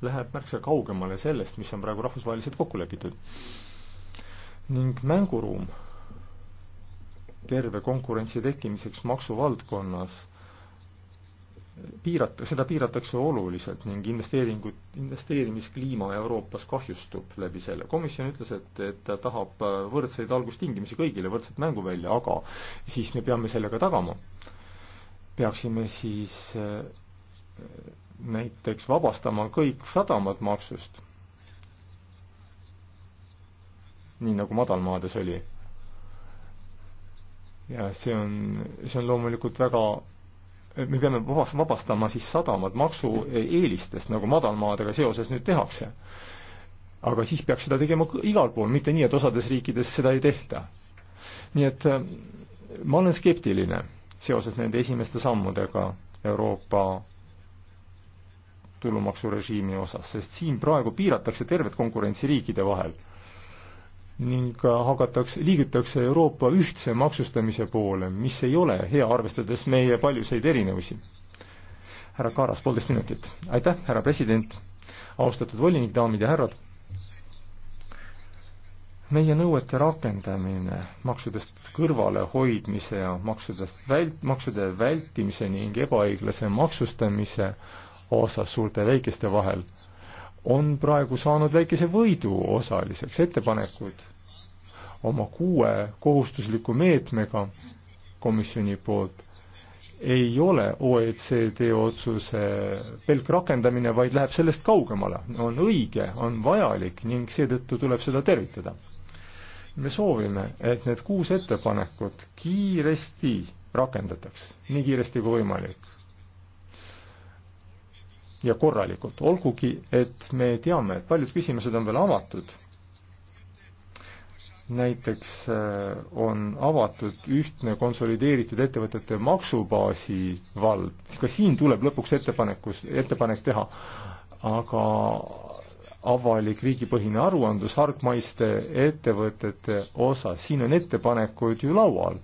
läheb märksa kaugemale sellest, mis on praegu rahvusvaheliselt kokku lepitud. ning mänguruum terve konkurentsi tekkimiseks maksuvaldkonnas piirata, seda piiratakse oluliselt ning investeeringud, investeerimiskliima Euroopas kahjustub läbi selle. komisjon ütles, et, et ta tahab võrdseid algustingimusi kõigile, võrdset mänguvälja, aga siis me peame selle ka tagama. peaksime siis näiteks vabastama kõik sadamad maksust, nii nagu madalmaades oli. ja see on, see on loomulikult väga, me peame vabast-, vabastama siis sadamad maksueelistest, nagu madalmaadega seoses nüüd tehakse. aga siis peaks seda tegema igal pool, mitte nii, et osades riikides seda ei tehta. nii et äh, ma olen skeptiline seoses nende esimeste sammudega Euroopa tulumaksurežiimi osas, sest siin praegu piiratakse tervet konkurentsi riikide vahel ning hakatakse, liigutakse Euroopa ühtse maksustamise poole, mis ei ole hea, arvestades meie paljuseid erinevusi. härra Kaaras, poolteist minutit. aitäh, härra president, austatud volinik, daamid ja härrad, meie nõuete rakendamine maksudest kõrvalehoidmise ja maksudest vält-, maksude vältimise ning ebaõiglase maksustamise osas suurte ja väikeste vahel, on praegu saanud väikese võidu osaliseks. ettepanekud oma kuue kohustusliku meetmega komisjoni poolt ei ole OECD otsuse pelk rakendamine, vaid läheb sellest kaugemale. on õige, on vajalik ning seetõttu tuleb seda tervitada. me soovime, et need kuus ettepanekut kiiresti rakendataks, nii kiiresti kui võimalik ja korralikult, olgugi et me teame, et paljud küsimused on veel avatud. näiteks äh, on avatud ühtne konsolideeritud ettevõtete maksubaasi vald, ka siin tuleb lõpuks ettepanekus, ettepanek teha, aga avalik riigipõhine aruandlus hargmaiste ettevõtete osas, siin on ettepanekud ju laual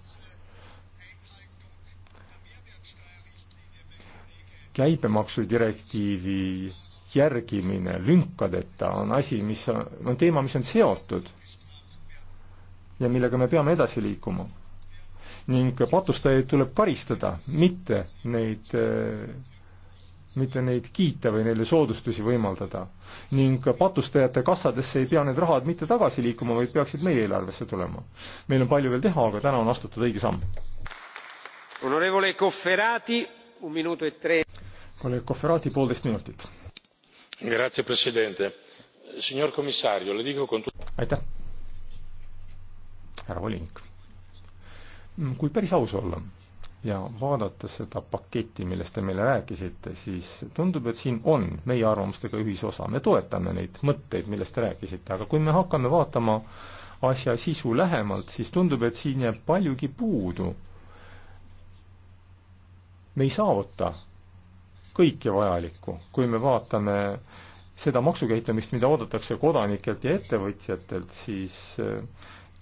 käibemaksu direktiivi järgimine lünkadeta on asi, mis on, on teema, mis on seotud ja millega me peame edasi liikuma. ning patustajaid tuleb karistada, mitte neid, äh, mitte neid kiita või neile soodustusi võimaldada. ning patustajate kassadesse ei pea need rahad mitte tagasi liikuma, vaid peaksid meie eelarvesse tulema. meil on palju veel teha, aga täna on astutud õige samm. Onorevole Cofferati, un minuto e tre kolleeg Cofferati, poolteist minutit. aitäh, härra volinik. Mm, kui päris aus olla ja vaadata seda paketti, millest te meile rääkisite, siis tundub, et siin on meie arvamustega ühisosa, me toetame neid mõtteid, millest te rääkisite, aga kui me hakkame vaatama asja sisu lähemalt, siis tundub, et siin jääb paljugi puudu. me ei saavuta kõike vajalikku, kui me vaatame seda maksukäitumist, mida oodatakse kodanikelt ja ettevõtjatelt, siis äh,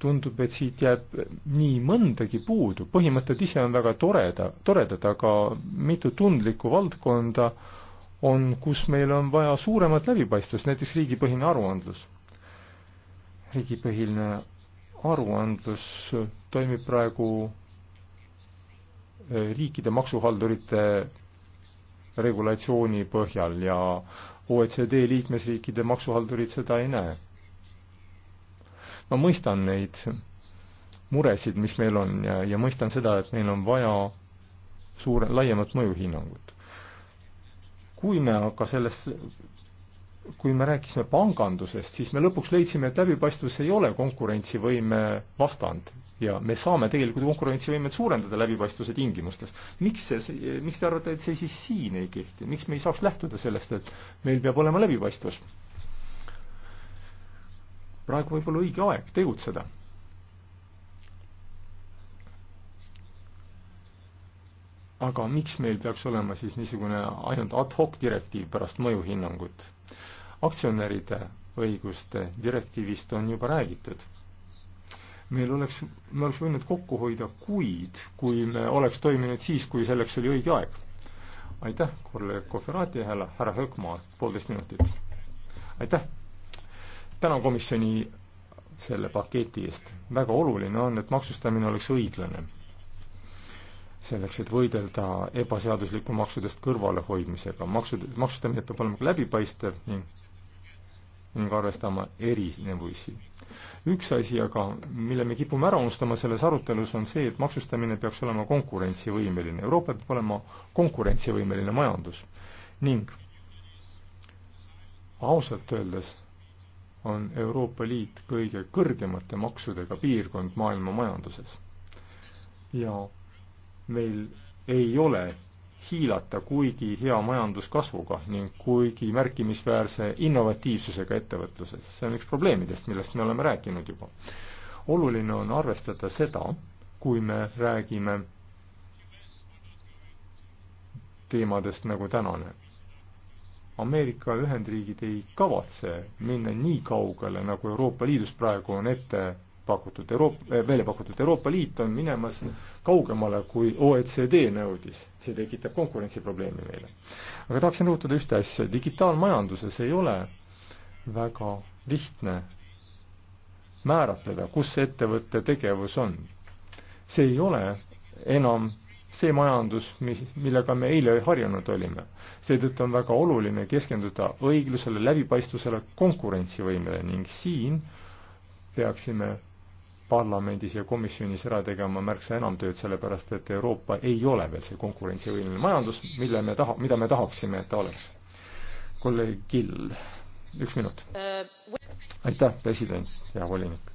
tundub, et siit jääb nii mõndagi puudu, põhimõtted ise on väga toreda, toredad, aga mitu tundlikku valdkonda on, kus meil on vaja suuremat läbipaistvust, näiteks riigipõhine aruandlus. riigipõhine aruandlus toimib praegu äh, riikide maksuhaldurite regulatsiooni põhjal ja OECD liikmesriikide maksuhaldurid seda ei näe. ma mõistan neid muresid, mis meil on ja, ja mõistan seda, et meil on vaja suure, laiemat mõjuhinnangut. kui me aga selles, kui me rääkisime pangandusest, siis me lõpuks leidsime, et läbipaistvus ei ole konkurentsivõime vastand ja me saame tegelikult konkurentsivõimet suurendada läbipaistvuse tingimustes. miks see, miks te arvate, et see siis siin ei kehti, miks me ei saaks lähtuda sellest, et meil peab olema läbipaistvus? praegu võib olla õige aeg tegutseda. aga miks meil peaks olema siis niisugune ainult ad hoc direktiiv pärast mõjuhinnangut? aktsionäride õiguste direktiivist on juba räägitud meil oleks, me oleks võinud kokku hoida kuid, kui me oleks toiminud siis, kui selleks oli õige aeg. aitäh, kolleeg Koferaati ja härra Hökmaa, poolteist minutit. aitäh! tänan komisjoni selle paketi eest. väga oluline on, et maksustamine oleks õiglane. selleks, et võidelda ebaseadusliku maksudest kõrvalehoidmisega. maksud, maksustamine peab olema ka läbipaistev ning, ning arvestama erinevusi üks asi aga, mille me kipume ära unustama selles arutelus, on see, et maksustamine peaks olema konkurentsivõimeline. Euroopa peab olema konkurentsivõimeline majandus ning ausalt öeldes on Euroopa Liit kõige kõrgemate maksudega piirkond maailma majanduses. ja meil ei ole hiilata kuigi hea majanduskasvuga ning kuigi märkimisväärse innovatiivsusega ettevõtluses. see on üks probleemidest, millest me oleme rääkinud juba. oluline on arvestada seda, kui me räägime teemadest nagu tänane. Ameerika Ühendriigid ei kavatse minna nii kaugele, nagu Euroopa Liidus praegu on ette pakutud Euroopa, eh, välja pakutud Euroopa Liit on minemas kaugemale, kui OECD nõudis. see tekitab konkurentsiprobleemi meile. aga tahaksin rõhutada ühte asja, digitaalmajanduses ei ole väga lihtne määratleda, kus ettevõtte tegevus on. see ei ole enam see majandus, mis, millega me eile harjunud olime. seetõttu on väga oluline keskenduda õiglusele, läbipaistvusele, konkurentsivõimele ning siin peaksime parlamendis ja komisjonis ära tegema märksa enam tööd, sellepärast et Euroopa ei ole veel see konkurentsivõimeline majandus, mille me taha, mida me tahaksime, et ta oleks. kolleeg Kill, üks minut. aitäh, president ja volinik.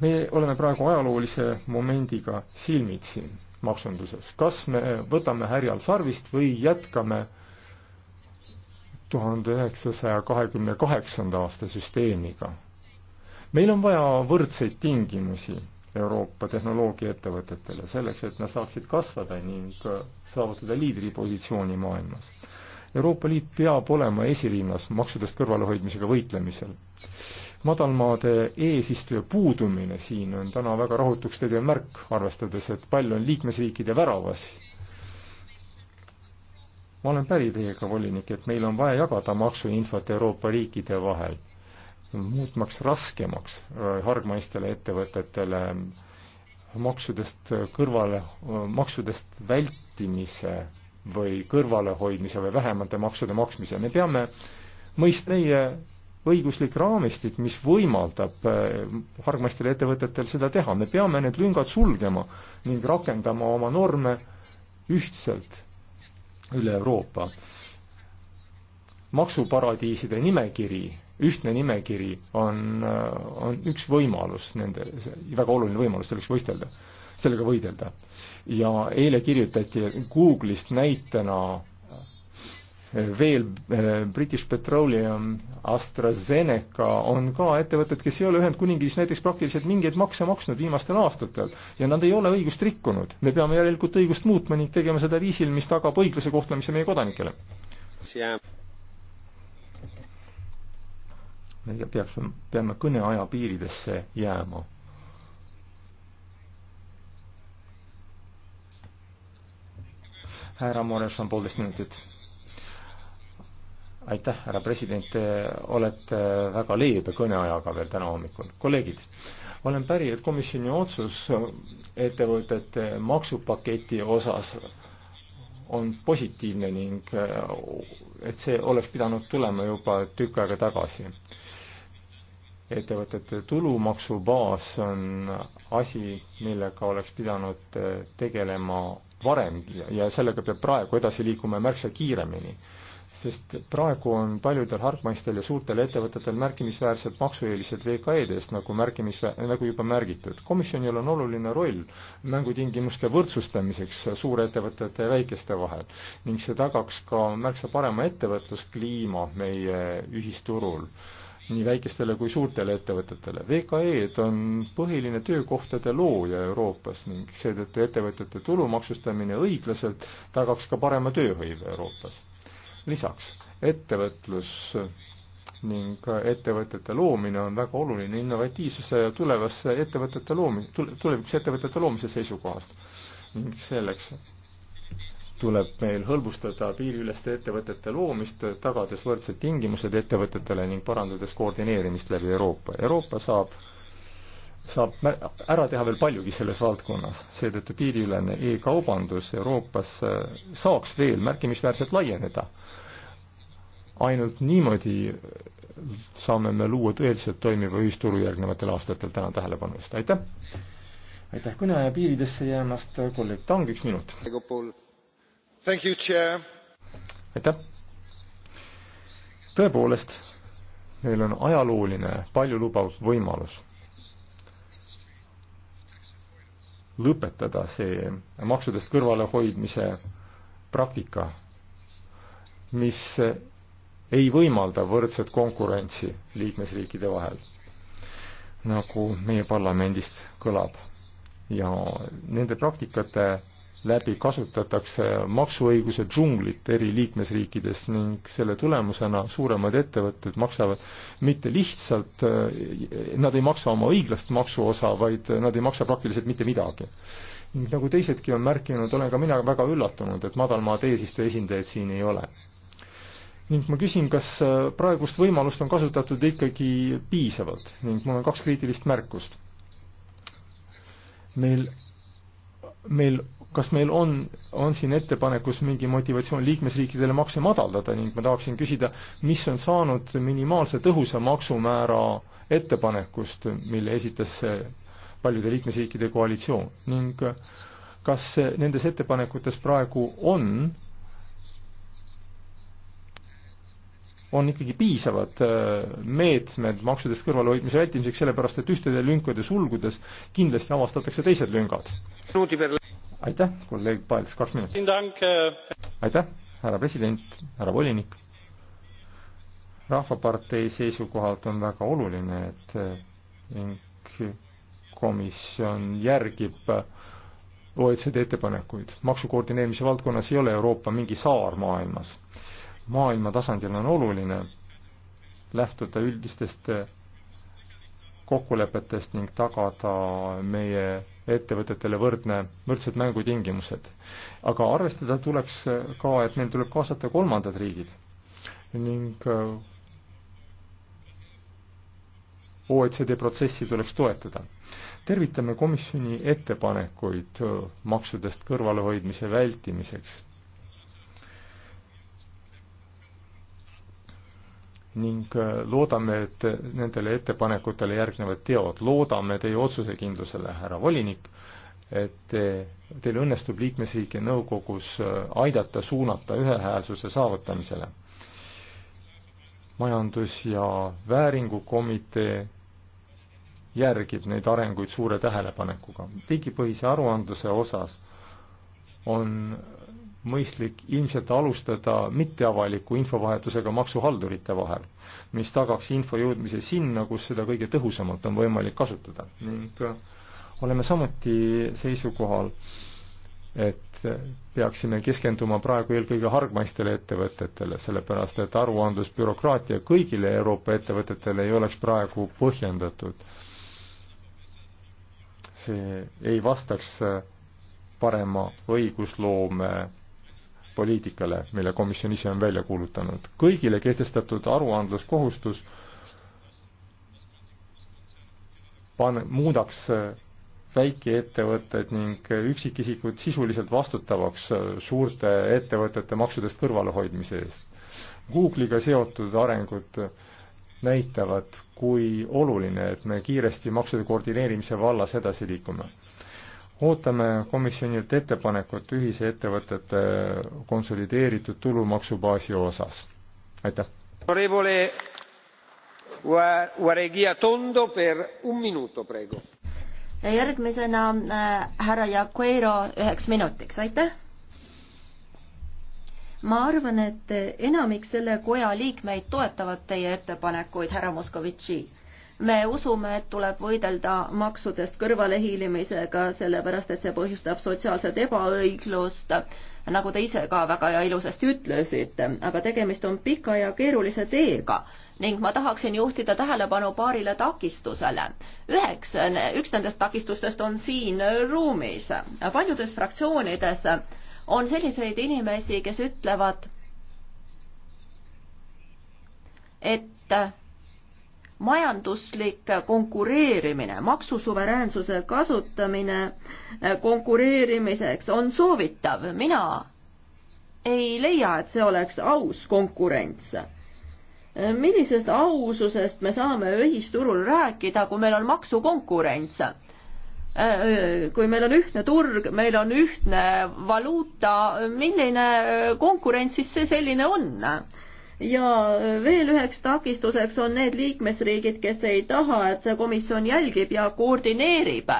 me oleme praegu ajaloolise momendiga silmitsi maksunduses. kas me võtame härjal sarvist või jätkame tuhande üheksasaja kahekümne kaheksanda aasta süsteemiga meil on vaja võrdseid tingimusi Euroopa tehnoloogiaettevõtetele selleks, et nad saaksid kasvada ning saavutada liidripositsiooni maailmas. Euroopa Liit peab olema esirinnas maksudest kõrvalehoidmisega võitlemisel. madalmaade eesistuja puudumine siin on täna väga rahutuks tegev märk, arvestades, et palju on liikmesriikide väravas ma olen päri teiega, volinik, et meil on vaja jagada maksuinfot Euroopa riikide vahel muutmaks raskemaks äh, hargmaistele ettevõtetele maksudest kõrvale, äh, maksudest vältimise või kõrvalehoidmise või vähemate maksude maksmise, me peame mõist meie õiguslik raamistik, mis võimaldab äh, hargmaistel ettevõtetel seda teha, me peame need lüngad sulgema ning rakendama oma norme ühtselt üle Euroopa. maksuparadiiside nimekiri ühtne nimekiri on, on üks võimalus nende, väga oluline võimalus selleks võistelda, sellega võidelda. ja eile kirjutati Google'ist näitena veel eh, British Petroleum, AstraZeneca on ka ettevõtted, kes ei ole Ühendkuningriigis näiteks praktiliselt mingeid makse maksnud viimastel aastatel ja nad ei ole õigust rikkunud. me peame järelikult õigust muutma ning tegema seda viisil, mis tagab õigluse kohtlemise meie kodanikele me peaks, peame kõneaja piiridesse jääma. härra Mores on poolteist minutit. aitäh, härra president, te olete väga leebe kõneajaga veel täna hommikul. kolleegid, olen päri, et komisjoni otsus ettevõtete maksupaketi osas on positiivne ning et see oleks pidanud tulema juba tükk aega tagasi ettevõtete tulumaksubaas on asi, millega oleks pidanud tegelema varem ja sellega peab praegu edasi liikuma märksa kiiremini. sest praegu on paljudel hargmaistel ja suurtel ettevõtetel märkimisväärsed maksueelised VKE-dest, nagu märkimis, nagu juba märgitud. komisjonil on oluline roll mängutingimuste võrdsustamiseks suurettevõtete ja väikeste vahel ning see tagaks ka märksa parema ettevõtluskliima meie ühisturul nii väikestele kui suurtele ettevõtetele. VKE-d on põhiline töökohtade looja Euroopas ning seetõttu ettevõtete tulumaksustamine õiglaselt tagaks ka parema tööhõive Euroopas. lisaks, ettevõtlus ning ettevõtete loomine on väga oluline innovatiivsuse ja tulevasse ettevõtete loomi-, tulevikus ettevõtete loomise seisukohast. ning selleks tuleb meil hõlbustada piiriüleste ettevõtete loomist, tagades võrdsed tingimused ettevõtetele ning parandades koordineerimist läbi Euroopa. Euroopa saab, saab ära teha veel paljugi selles valdkonnas, seetõttu piiriülene e-kaubandus Euroopas äh, saaks veel märkimisväärselt laieneda. ainult niimoodi saame me luua tõeliselt toimiva ühisturu järgnevatel aastatel, tänan tähelepanu eest, aitäh! aitäh kõneaja piiridesse jäämast, kolleeg Tang, üks minut aitäh. tõepoolest, meil on ajalooline paljulubav võimalus lõpetada see maksudest kõrvalehoidmise praktika, mis ei võimalda võrdset konkurentsi liikmesriikide vahel, nagu meie parlamendist kõlab. ja nende praktikate läbi kasutatakse maksuõiguse džunglit eri liikmesriikides ning selle tulemusena suuremad ettevõtted maksavad mitte lihtsalt, nad ei maksa oma õiglast maksuosa, vaid nad ei maksa praktiliselt mitte midagi. ning nagu teisedki on märkinud, olen ka mina väga üllatunud, et madalmaade eesistuja esindajaid siin ei ole. ning ma küsin, kas praegust võimalust on kasutatud ikkagi piisavalt ning mul on kaks kriitilist märkust. meil meil kas meil on, on siin ettepanekus mingi motivatsioon liikmesriikidele makse madaldada ning ma tahaksin küsida, mis on saanud minimaalse tõhusa maksumäära ettepanekust, mille esitas paljude liikmesriikide koalitsioon ning kas nendes ettepanekutes praegu on, on ikkagi piisavad äh, meetmed maksudest kõrvalehoidmise vältimiseks, sellepärast et ühtede lünkade sulgudes kindlasti avastatakse teised lüngad aitäh, kolleeg Paels, kaks minutit. Äh, aitäh, härra president, härra volinik. rahvapartei seisukohalt on väga oluline, et äh, ning komisjon järgib äh, OECD ettepanekuid. maksukoordineerimise valdkonnas ei ole Euroopa mingi saar maailmas. maailma tasandil on oluline lähtuda üldistest kokkulepetest ning tagada meie ettevõtetele võrdne, võrdsed mängutingimused. aga arvestada tuleks ka, et meil tuleb kaasata kolmandad riigid ning äh, OECD protsessi tuleks toetada. tervitame komisjoni ettepanekuid äh, maksudest kõrvalehoidmise vältimiseks ning äh, loodame, et nendele ettepanekutele järgnevad teod. loodame teie otsusekindlusele, härra volinik, et teil õnnestub liikmesriigi nõukogus äh, aidata suunata ühehäälsuse saavutamisele. majandus- ja vääringukomitee järgib neid arenguid suure tähelepanekuga. riigipõhise aruandluse osas on mõistlik ilmselt alustada mitteavaliku infovahetusega maksuhaldurite vahel, mis tagaks info jõudmise sinna, kus seda kõige tõhusamalt on võimalik kasutada ning äh, oleme samuti seisukohal, et peaksime keskenduma praegu eelkõige hargmaistele ettevõtetele, sellepärast et aruandlusbürokraatia kõigile Euroopa ettevõtetele ei oleks praegu põhjendatud. see ei vastaks parema õigusloome poliitikale, mille komisjon ise on välja kuulutanud. kõigile kehtestatud aruandluskohustus pan-, muudaks väikeettevõtted ning üksikisikud sisuliselt vastutavaks suurte ettevõtete maksudest kõrvalehoidmise eest. Google'iga seotud arengud näitavad, kui oluline, et me kiiresti maksude koordineerimise vallas edasi liigume ootame komisjonilt ettepanekut ühise ettevõtete konsolideeritud tulumaksubaasi osas. aitäh. ja järgmisena äh, härra Jaqueiro üheks minutiks, aitäh. ma arvan, et enamik selle koja liikmeid toetavad teie ettepanekuid, härra Moskovitši me usume, et tuleb võidelda maksudest kõrvalehiilimisega, sellepärast et see põhjustab sotsiaalset ebaõiglust, nagu te ise ka väga ilusasti ütlesite, aga tegemist on pika ja keerulise teega ning ma tahaksin juhtida tähelepanu paarile takistusele. üheks, üks nendest takistustest on siin ruumis. paljudes fraktsioonides on selliseid inimesi, kes ütlevad, et majanduslik konkureerimine, maksusuveräänsuse kasutamine eh, konkureerimiseks on soovitav, mina ei leia, et see oleks aus konkurents. Eh, millisest aususest me saame ühisturul rääkida, kui meil on maksukonkurents? Eh, kui meil on ühtne turg, meil on ühtne valuuta, milline konkurents siis see selline on? ja veel üheks takistuseks on need liikmesriigid, kes ei taha, et see komisjon jälgib ja koordineerib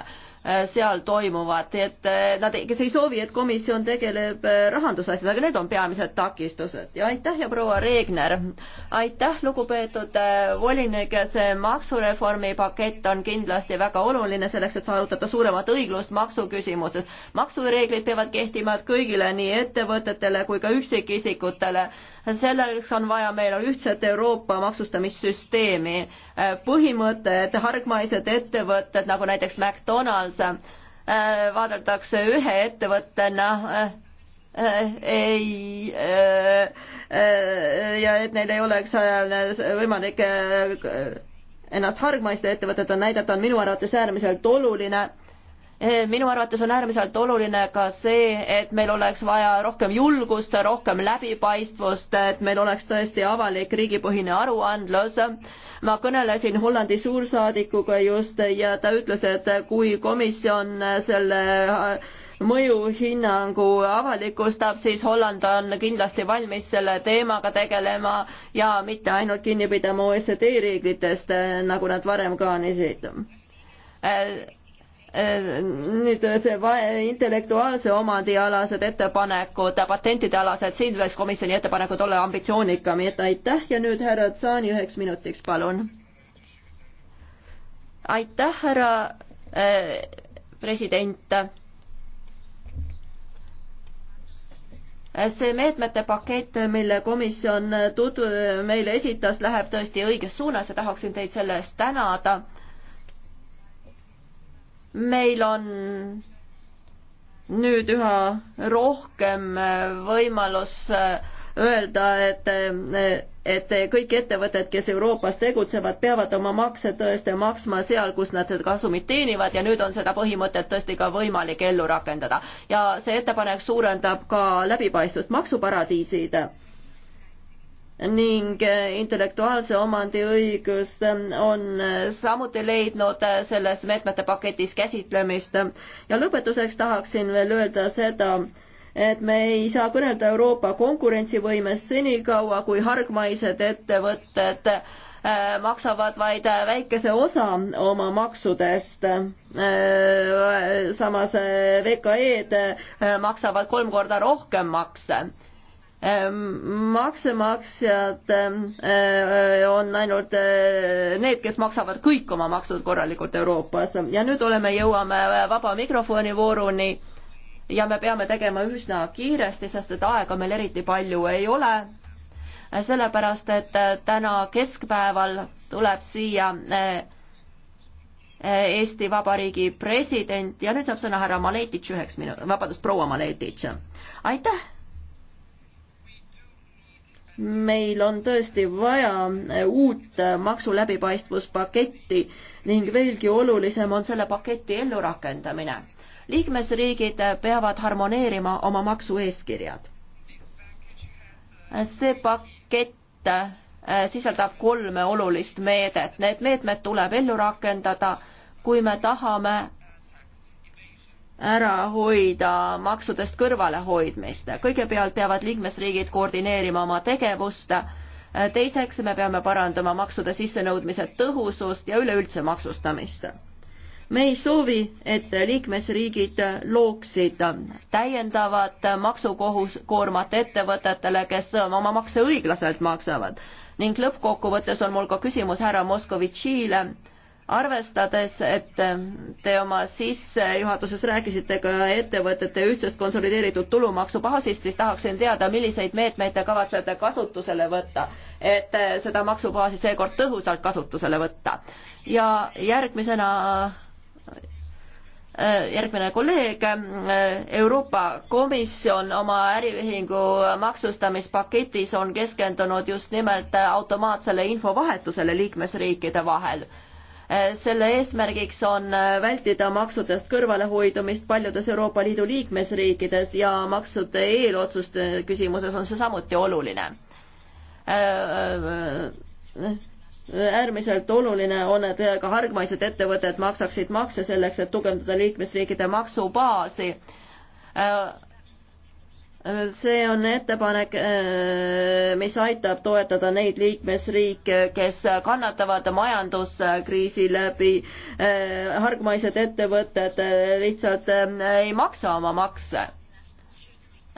Äh, seal toimuvat, et äh, nad, kes ei soovi, et komisjon tegeleb äh, rahandusasjadega, need on peamised takistused ja aitäh ja proua Reegner, aitäh, lugupeetud volinik, see maksureformi pakett on kindlasti väga oluline selleks, et saavutada suuremat õiglust maksuküsimuses. maksureeglid peavad kehtima kõigile, nii ettevõtetele kui ka üksikisikutele. selleks on vaja meil ühtset Euroopa maksustamissüsteemi. põhimõte, et hargmaised ettevõtted nagu näiteks McDonalds Euroopas äh, vaadeldakse ühe ettevõttena äh, äh, ei ja et neil ei oleks võimalik ennast hargmaiste ettevõtetena näidata, on minu arvates äärmiselt oluline Eh, minu arvates on äärmiselt oluline ka see, et meil oleks vaja rohkem julgust, rohkem läbipaistvust, et meil oleks tõesti avalik riigipõhine aruandlus. ma kõnelesin Hollandi suursaadikuga just ja ta ütles, et kui komisjon selle äh, mõjuhinnangu avalikustab, siis Holland on kindlasti valmis selle teemaga tegelema ja mitte ainult kinni pidama OECD reeglitest, äh, nagu nad varem ka on esitanud Äh, nüüd see intellektuaalse omandialased ettepanekud, patentidealased, siin võiks komisjoni ettepanekud olla ambitsioonikam, nii et aitäh ja nüüd härra Tsaani üheks minutiks, palun. aitäh, härra äh, president. see meetmete pakett, mille komisjon tutv-, meile esitas, läheb tõesti õiges suunas ja tahaksin teid selle eest tänada meil on nüüd üha rohkem äh, võimalus äh, öelda, et, äh, et kõik ettevõtted, kes Euroopas tegutsevad, peavad oma makse tõesti maksma seal, kus nad kasumit teenivad ja nüüd on seda põhimõtet tõesti ka võimalik ellu rakendada. ja see ettepanek suurendab ka läbipaistvust maksuparadiiside ning eh, intellektuaalse omandi õigus eh, on eh, samuti leidnud selles meetmete paketis käsitlemist. ja lõpetuseks tahaksin veel öelda seda, et me ei saa kõnelda Euroopa konkurentsivõimest senikaua, kui hargmaised ettevõtted maksavad vaid väikese osa oma maksudest. samas VKE-d maksavad kolm korda rohkem makse Ehm, maksemaksjad ehm, eh, on ainult eh, need, kes maksavad kõik oma maksud korralikult Euroopas ja nüüd oleme, jõuame vaba mikrofoni vooruni ja me peame tegema üsna kiiresti, sest et aega meil eriti palju ei ole. sellepärast, et eh, täna keskpäeval tuleb siia Eesti Vabariigi president ja nüüd saab sõna härra Maletitš üheks minu-, vabandust, proua Maletitš. aitäh meil on tõesti vaja eh, uut eh, maksu läbipaistvuspaketti ning veelgi olulisem on selle paketi ellurakendamine. liikmesriigid eh, peavad harmoneerima oma maksueeskirjad. see pakett sisaldab kolme olulist meedet, need meetmed tuleb ellu rakendada, kui me tahame, ära hoida maksudest kõrvalehoidmist. kõigepealt peavad liikmesriigid koordineerima oma tegevust, teiseks me peame parandama maksude sissenõudmise tõhusust ja üleüldse maksustamist. me ei soovi, et liikmesriigid looksid täiendavat maksukoormat ettevõtetele, kes oma makse õiglaselt maksavad ning lõppkokkuvõttes on mul ka küsimus härra Moskovitšile arvestades, et te oma sissejuhatuses rääkisite ka ettevõtete ühtsest konsolideeritud tulumaksubaasist, siis tahaksin teada, milliseid meetmeid te kavatsete kasutusele võtta, et seda maksubaasi seekord tõhusalt kasutusele võtta. ja järgmisena järgmine kolleeg, Euroopa Komisjon oma äriühingu maksustamispaketis on keskendunud just nimelt automaatsele infovahetusele liikmesriikide vahel Eh, selle eesmärgiks on eh, vältida maksudest kõrvalehoidumist paljudes Euroopa Liidu liikmesriikides ja maksude eelotsuste küsimuses on see samuti oluline. Eh, äärmiselt oluline on, et ka hargmaised ettevõtted maksaksid makse selleks, et tugevdada liikmesriikide maksubaasi see on ettepanek, äh, mis aitab toetada neid liikmesriike, kes kannatavad majanduskriisi läbi. Äh, hargmaised ettevõtted äh, lihtsalt ei maksa oma makse.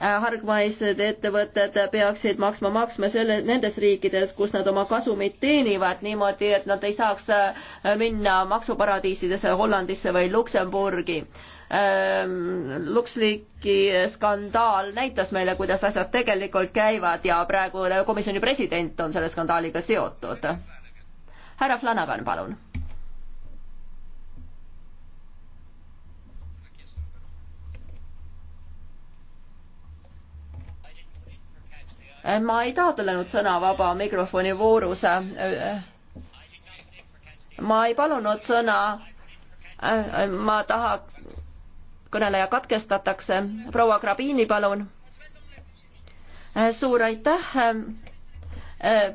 hargmaised ettevõtted peaksid maksma maksma selle, nendes riikides, kus nad oma kasumit teenivad niimoodi, et nad ei saaks minna maksuparadiisidesse Hollandisse või Luksemburgi Ehm, LuxLeaki skandaal näitas meile, kuidas asjad tegelikult käivad ja praegune komisjoni president on selle skandaaliga seotud. härra Flanagan, palun. ma ei taotlenud sõna vaba mikrofoni voorus. ma ei palunud sõna. ma tahaks kõneleja katkestatakse. proua Grabini, palun. suur aitäh,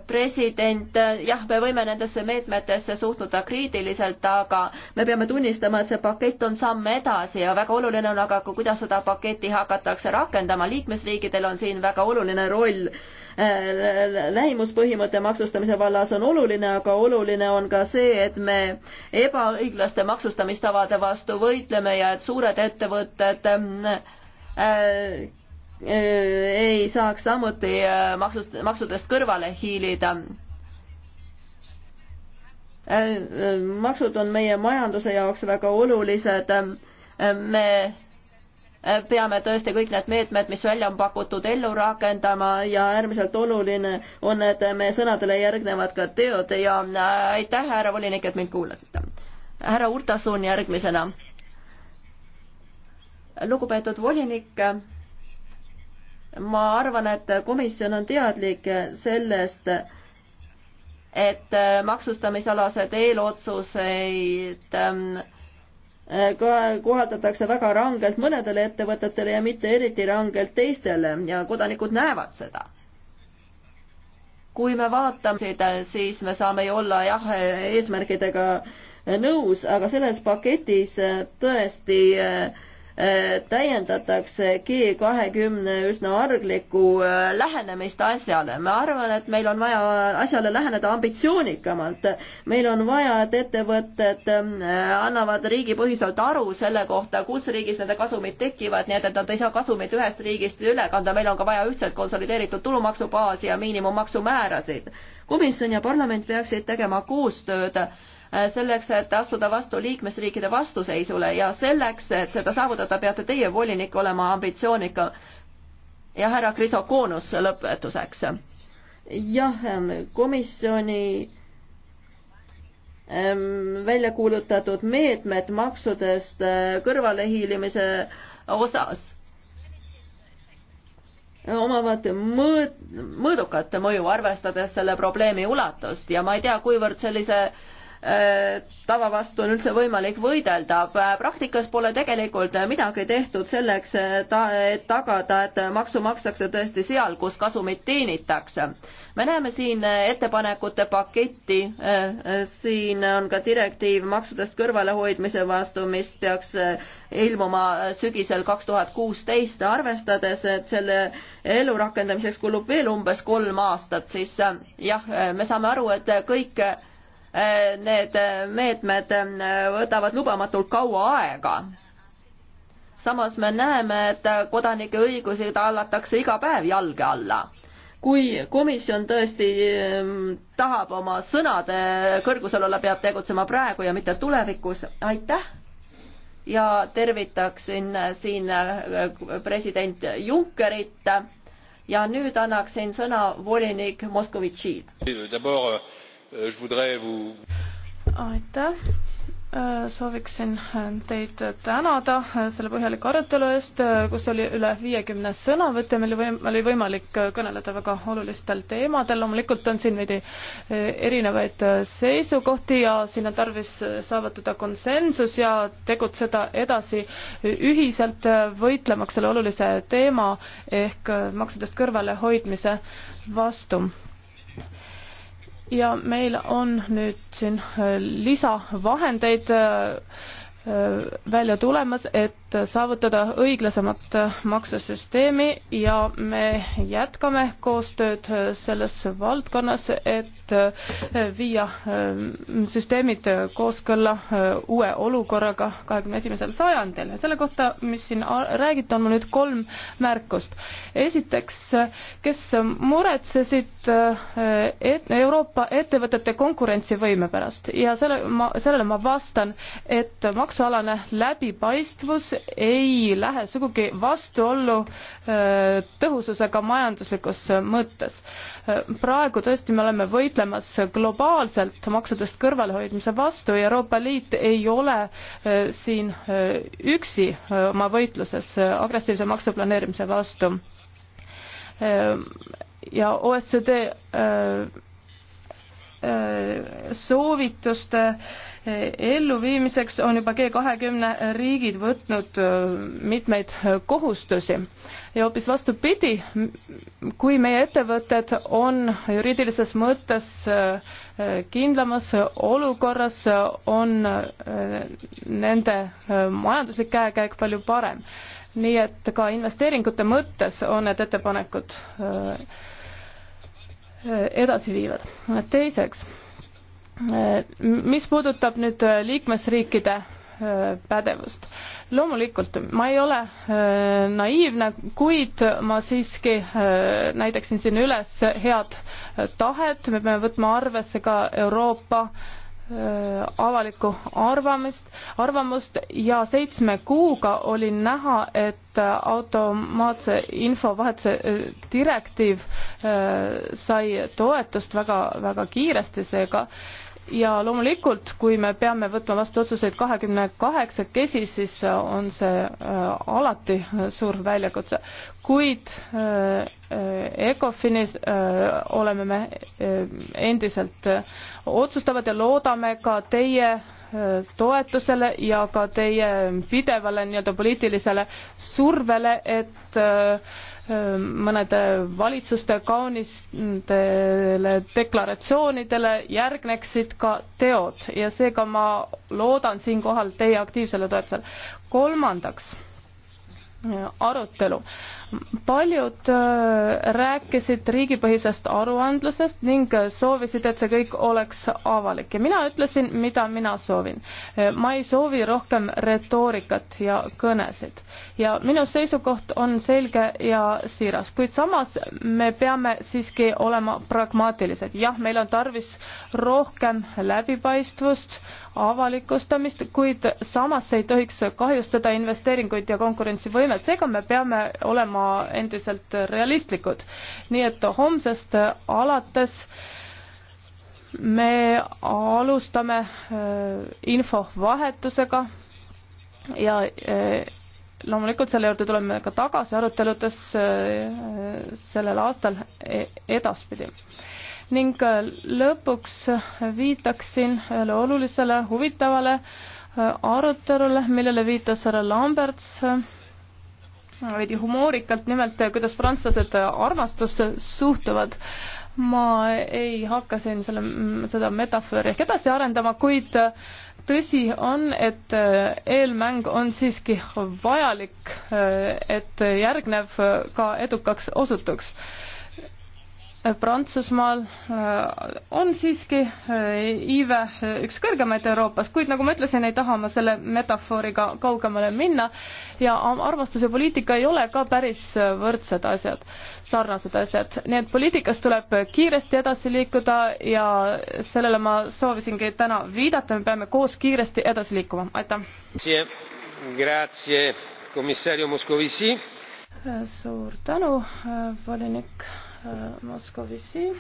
president. jah, me võime nendesse meetmetesse suhtuda kriitiliselt, aga me peame tunnistama, et see pakett on samm edasi ja väga oluline on aga, kuidas seda paketti hakatakse rakendama. liikmesriikidel on siin väga oluline roll lähimuspõhimõtte maksustamise vallas on oluline, aga oluline on ka see, et me ebaõiglaste maksustamistavade vastu võitleme ja et suured ettevõtted äh, äh, ei saaks samuti äh, maksust, maksudest kõrvale hiilida maksud on meie majanduse jaoks väga olulised. me peame tõesti kõik need meetmed, mis välja on pakutud, ellu rakendama ja äärmiselt oluline on, et meie sõnadele järgnevad ka teod ja äh, aitäh, härra volinik, et mind kuulasite. härra Urtasun järgmisena. lugupeetud volinik, ma arvan, et komisjon on teadlik sellest, et äh, maksustamisalased eelotsuseid ähm, Äh, kohaldatakse väga rangelt mõnedele ettevõtetele ja mitte eriti rangelt teistele ja kodanikud näevad seda. kui me vaatame seda, siis me saame ju olla jah, eesmärkidega nõus, aga selles paketis äh, tõesti äh, täiendatakse G kahekümne üsna arglikku äh, lähenemist asjale. ma arvan, et meil on vaja asjale läheneda ambitsioonikamalt. meil on vaja, et ettevõtted äh, annavad riigipõhiselt aru selle kohta, kus riigis nende kasumid tekivad, nii et, et nad ei saa kasumit ühest riigist üle kanda. meil on ka vaja ühtset konsolideeritud tulumaksubaasi ja miinimummaksumäärasid. komisjon ja parlament peaksid tegema koostööd Äh, selleks, et astuda vastu liikmesriikide vastuseisule ja selleks, et seda saavutada, peate teie volinik olema ambitsioonika. ja härra Krisokoonus lõpetuseks. jah, ähm, komisjoni ähm, välja kuulutatud meetmed maksudest äh, kõrvalehiilimise osas omavad mõõd-, mõõdukat mõju, arvestades selle probleemi ulatust ja ma ei tea, kuivõrd sellise äh, Äh, tava vastu on üldse võimalik võidelda. Äh, praktikas pole tegelikult midagi tehtud selleks, äh, et tagada, et maksu makstakse tõesti seal, kus kasumit teenitakse. me näeme siin ettepanekute paketti, siin on ka direktiiv maksudest kõrvalehoidmise vastu, mis peaks ilmuma sügisel kaks tuhat kuusteist, arvestades, et selle elu rakendamiseks kulub veel umbes kolm aastat, siis jah, me saame aru, et kõik need meetmed võtavad lubamatult kaua aega. samas me näeme, et kodanike õigusi tallatakse iga päev jalge alla. kui komisjon tõesti ehm, tahab oma sõnade kõrgusel olla, peab tegutsema praegu ja mitte tulevikus. aitäh! ja tervitaksin siin äh, president Junckerit ja nüüd annaksin sõna volinik Moskovitšile Euh, aitäh, äh, sooviksin äh, teid tänada äh, selle põhjaliku arutelu eest, kus oli üle viiekümne sõnavõtja, meil oli võimalik kõneleda väga olulistel teemadel, loomulikult on siin veidi erinevaid seisukohti ja siin on tarvis saavutada konsensus ja tegutseda edasi ühiselt, võitlemaks selle olulise teema ehk maksudest kõrvalehoidmise vastu ja meil on nüüd siin äh, lisavahendeid äh, Äh, välja tulemas, et saavutada õiglasemat maksusüsteemi ja me jätkame koostööd selles valdkonnas, et äh, viia äh, süsteemid kooskõlla uue olukorraga kahekümne esimesel sajandil. selle kohta, mis siin räägiti, on mul nüüd kolm märkust. esiteks, kes muretsesid et Euroopa ettevõtete konkurentsivõime pärast ja selle ma, sellele ma vastan, et maks-, maksualane läbipaistvus ei lähe sugugi vastuollu äh, tõhususega majanduslikus mõttes. Äh, praegu tõesti me oleme võitlemas globaalselt maksudest kõrvalehoidmise vastu ja Euroopa Liit ei ole äh, siin üksi oma võitluses agressiivse maksuplaneerimise vastu. ja OECD soovituste eh, elluviimiseks on juba G kahekümne riigid võtnud eh, mitmeid kohustusi ja hoopis vastupidi, kui meie ettevõtted on juriidilises mõttes eh, kindlamas olukorras, on nende majanduslik käekäik palju parem. nii et ka investeeringute mõttes on need ettepanekud edasi viivad. teiseks, mis puudutab nüüd äh, liikmesriikide äh, pädevust. loomulikult ma ei ole äh, naiivne, kuid ma siiski näitaksin siin üles head tahet, me peame võtma arvesse ka Euroopa äh, Äh, avalikku arvamist, arvamust ja seitsme kuuga oli näha, et automaatse infovahetuse äh, direktiiv äh, sai toetust väga, väga kiiresti, seega äh, ja loomulikult, kui me peame võtma vastu otsuseid kahekümne kaheksakesi, siis on see äh, alati suur väljakutse, kuid äh, äh, ECOFINis oleme me endiselt otsustavad ja loodame ka teie toetusele ja ka teie pidevale nii-öelda poliitilisele survele, et mõnede valitsuste kaunistele deklaratsioonidele järgneksid ka teod ja seega ma loodan siinkohal teie aktiivsele toetusele. kolmandaks, arutelu paljud äh, rääkisid riigipõhisest aruandlusest ning äh, soovisid, et see kõik oleks avalik ja mina ütlesin, mida mina soovin. Äh, ma ei soovi rohkem retoorikat ja kõnesid ja minu seisukoht on selge ja siiras, kuid samas me peame siiski olema pragmaatilised. jah, meil on tarvis rohkem läbipaistvust, avalikustamist, kuid samas ei tohiks kahjustada investeeringuid ja konkurentsivõimet, seega me peame olema olema endiselt realistlikud. nii et homsest alates me alustame äh, infovahetusega ja äh, loomulikult selle juurde tuleme ka tagasi aruteludes äh, sellel aastal e, edaspidi. ning lõpuks viitaksin ühele olulisele huvitavale arutelule, millele viitas härra Lamberts veidi humoorikalt, nimelt kuidas prantslased armastusse suhtuvad. ma ei hakka siin selle, seda metafoori ehk edasi arendama, kuid tõsi on, et eelmäng on siiski vajalik, et järgnev ka edukaks osutuks Prantsusmaal äh, on siiski äh, iive äh, üks kõrgemaid Euroopas, kuid nagu ma ütlesin, ei taha ma selle metafooriga kaugemale minna ja armastus ja poliitika ei ole ka päris võrdsed asjad, sarnased asjad. nii et poliitikas tuleb kiiresti edasi liikuda ja sellele ma soovisingi täna viidata, me peame koos kiiresti edasi liikuma, aitäh. suur tänu, volinik Moskovici.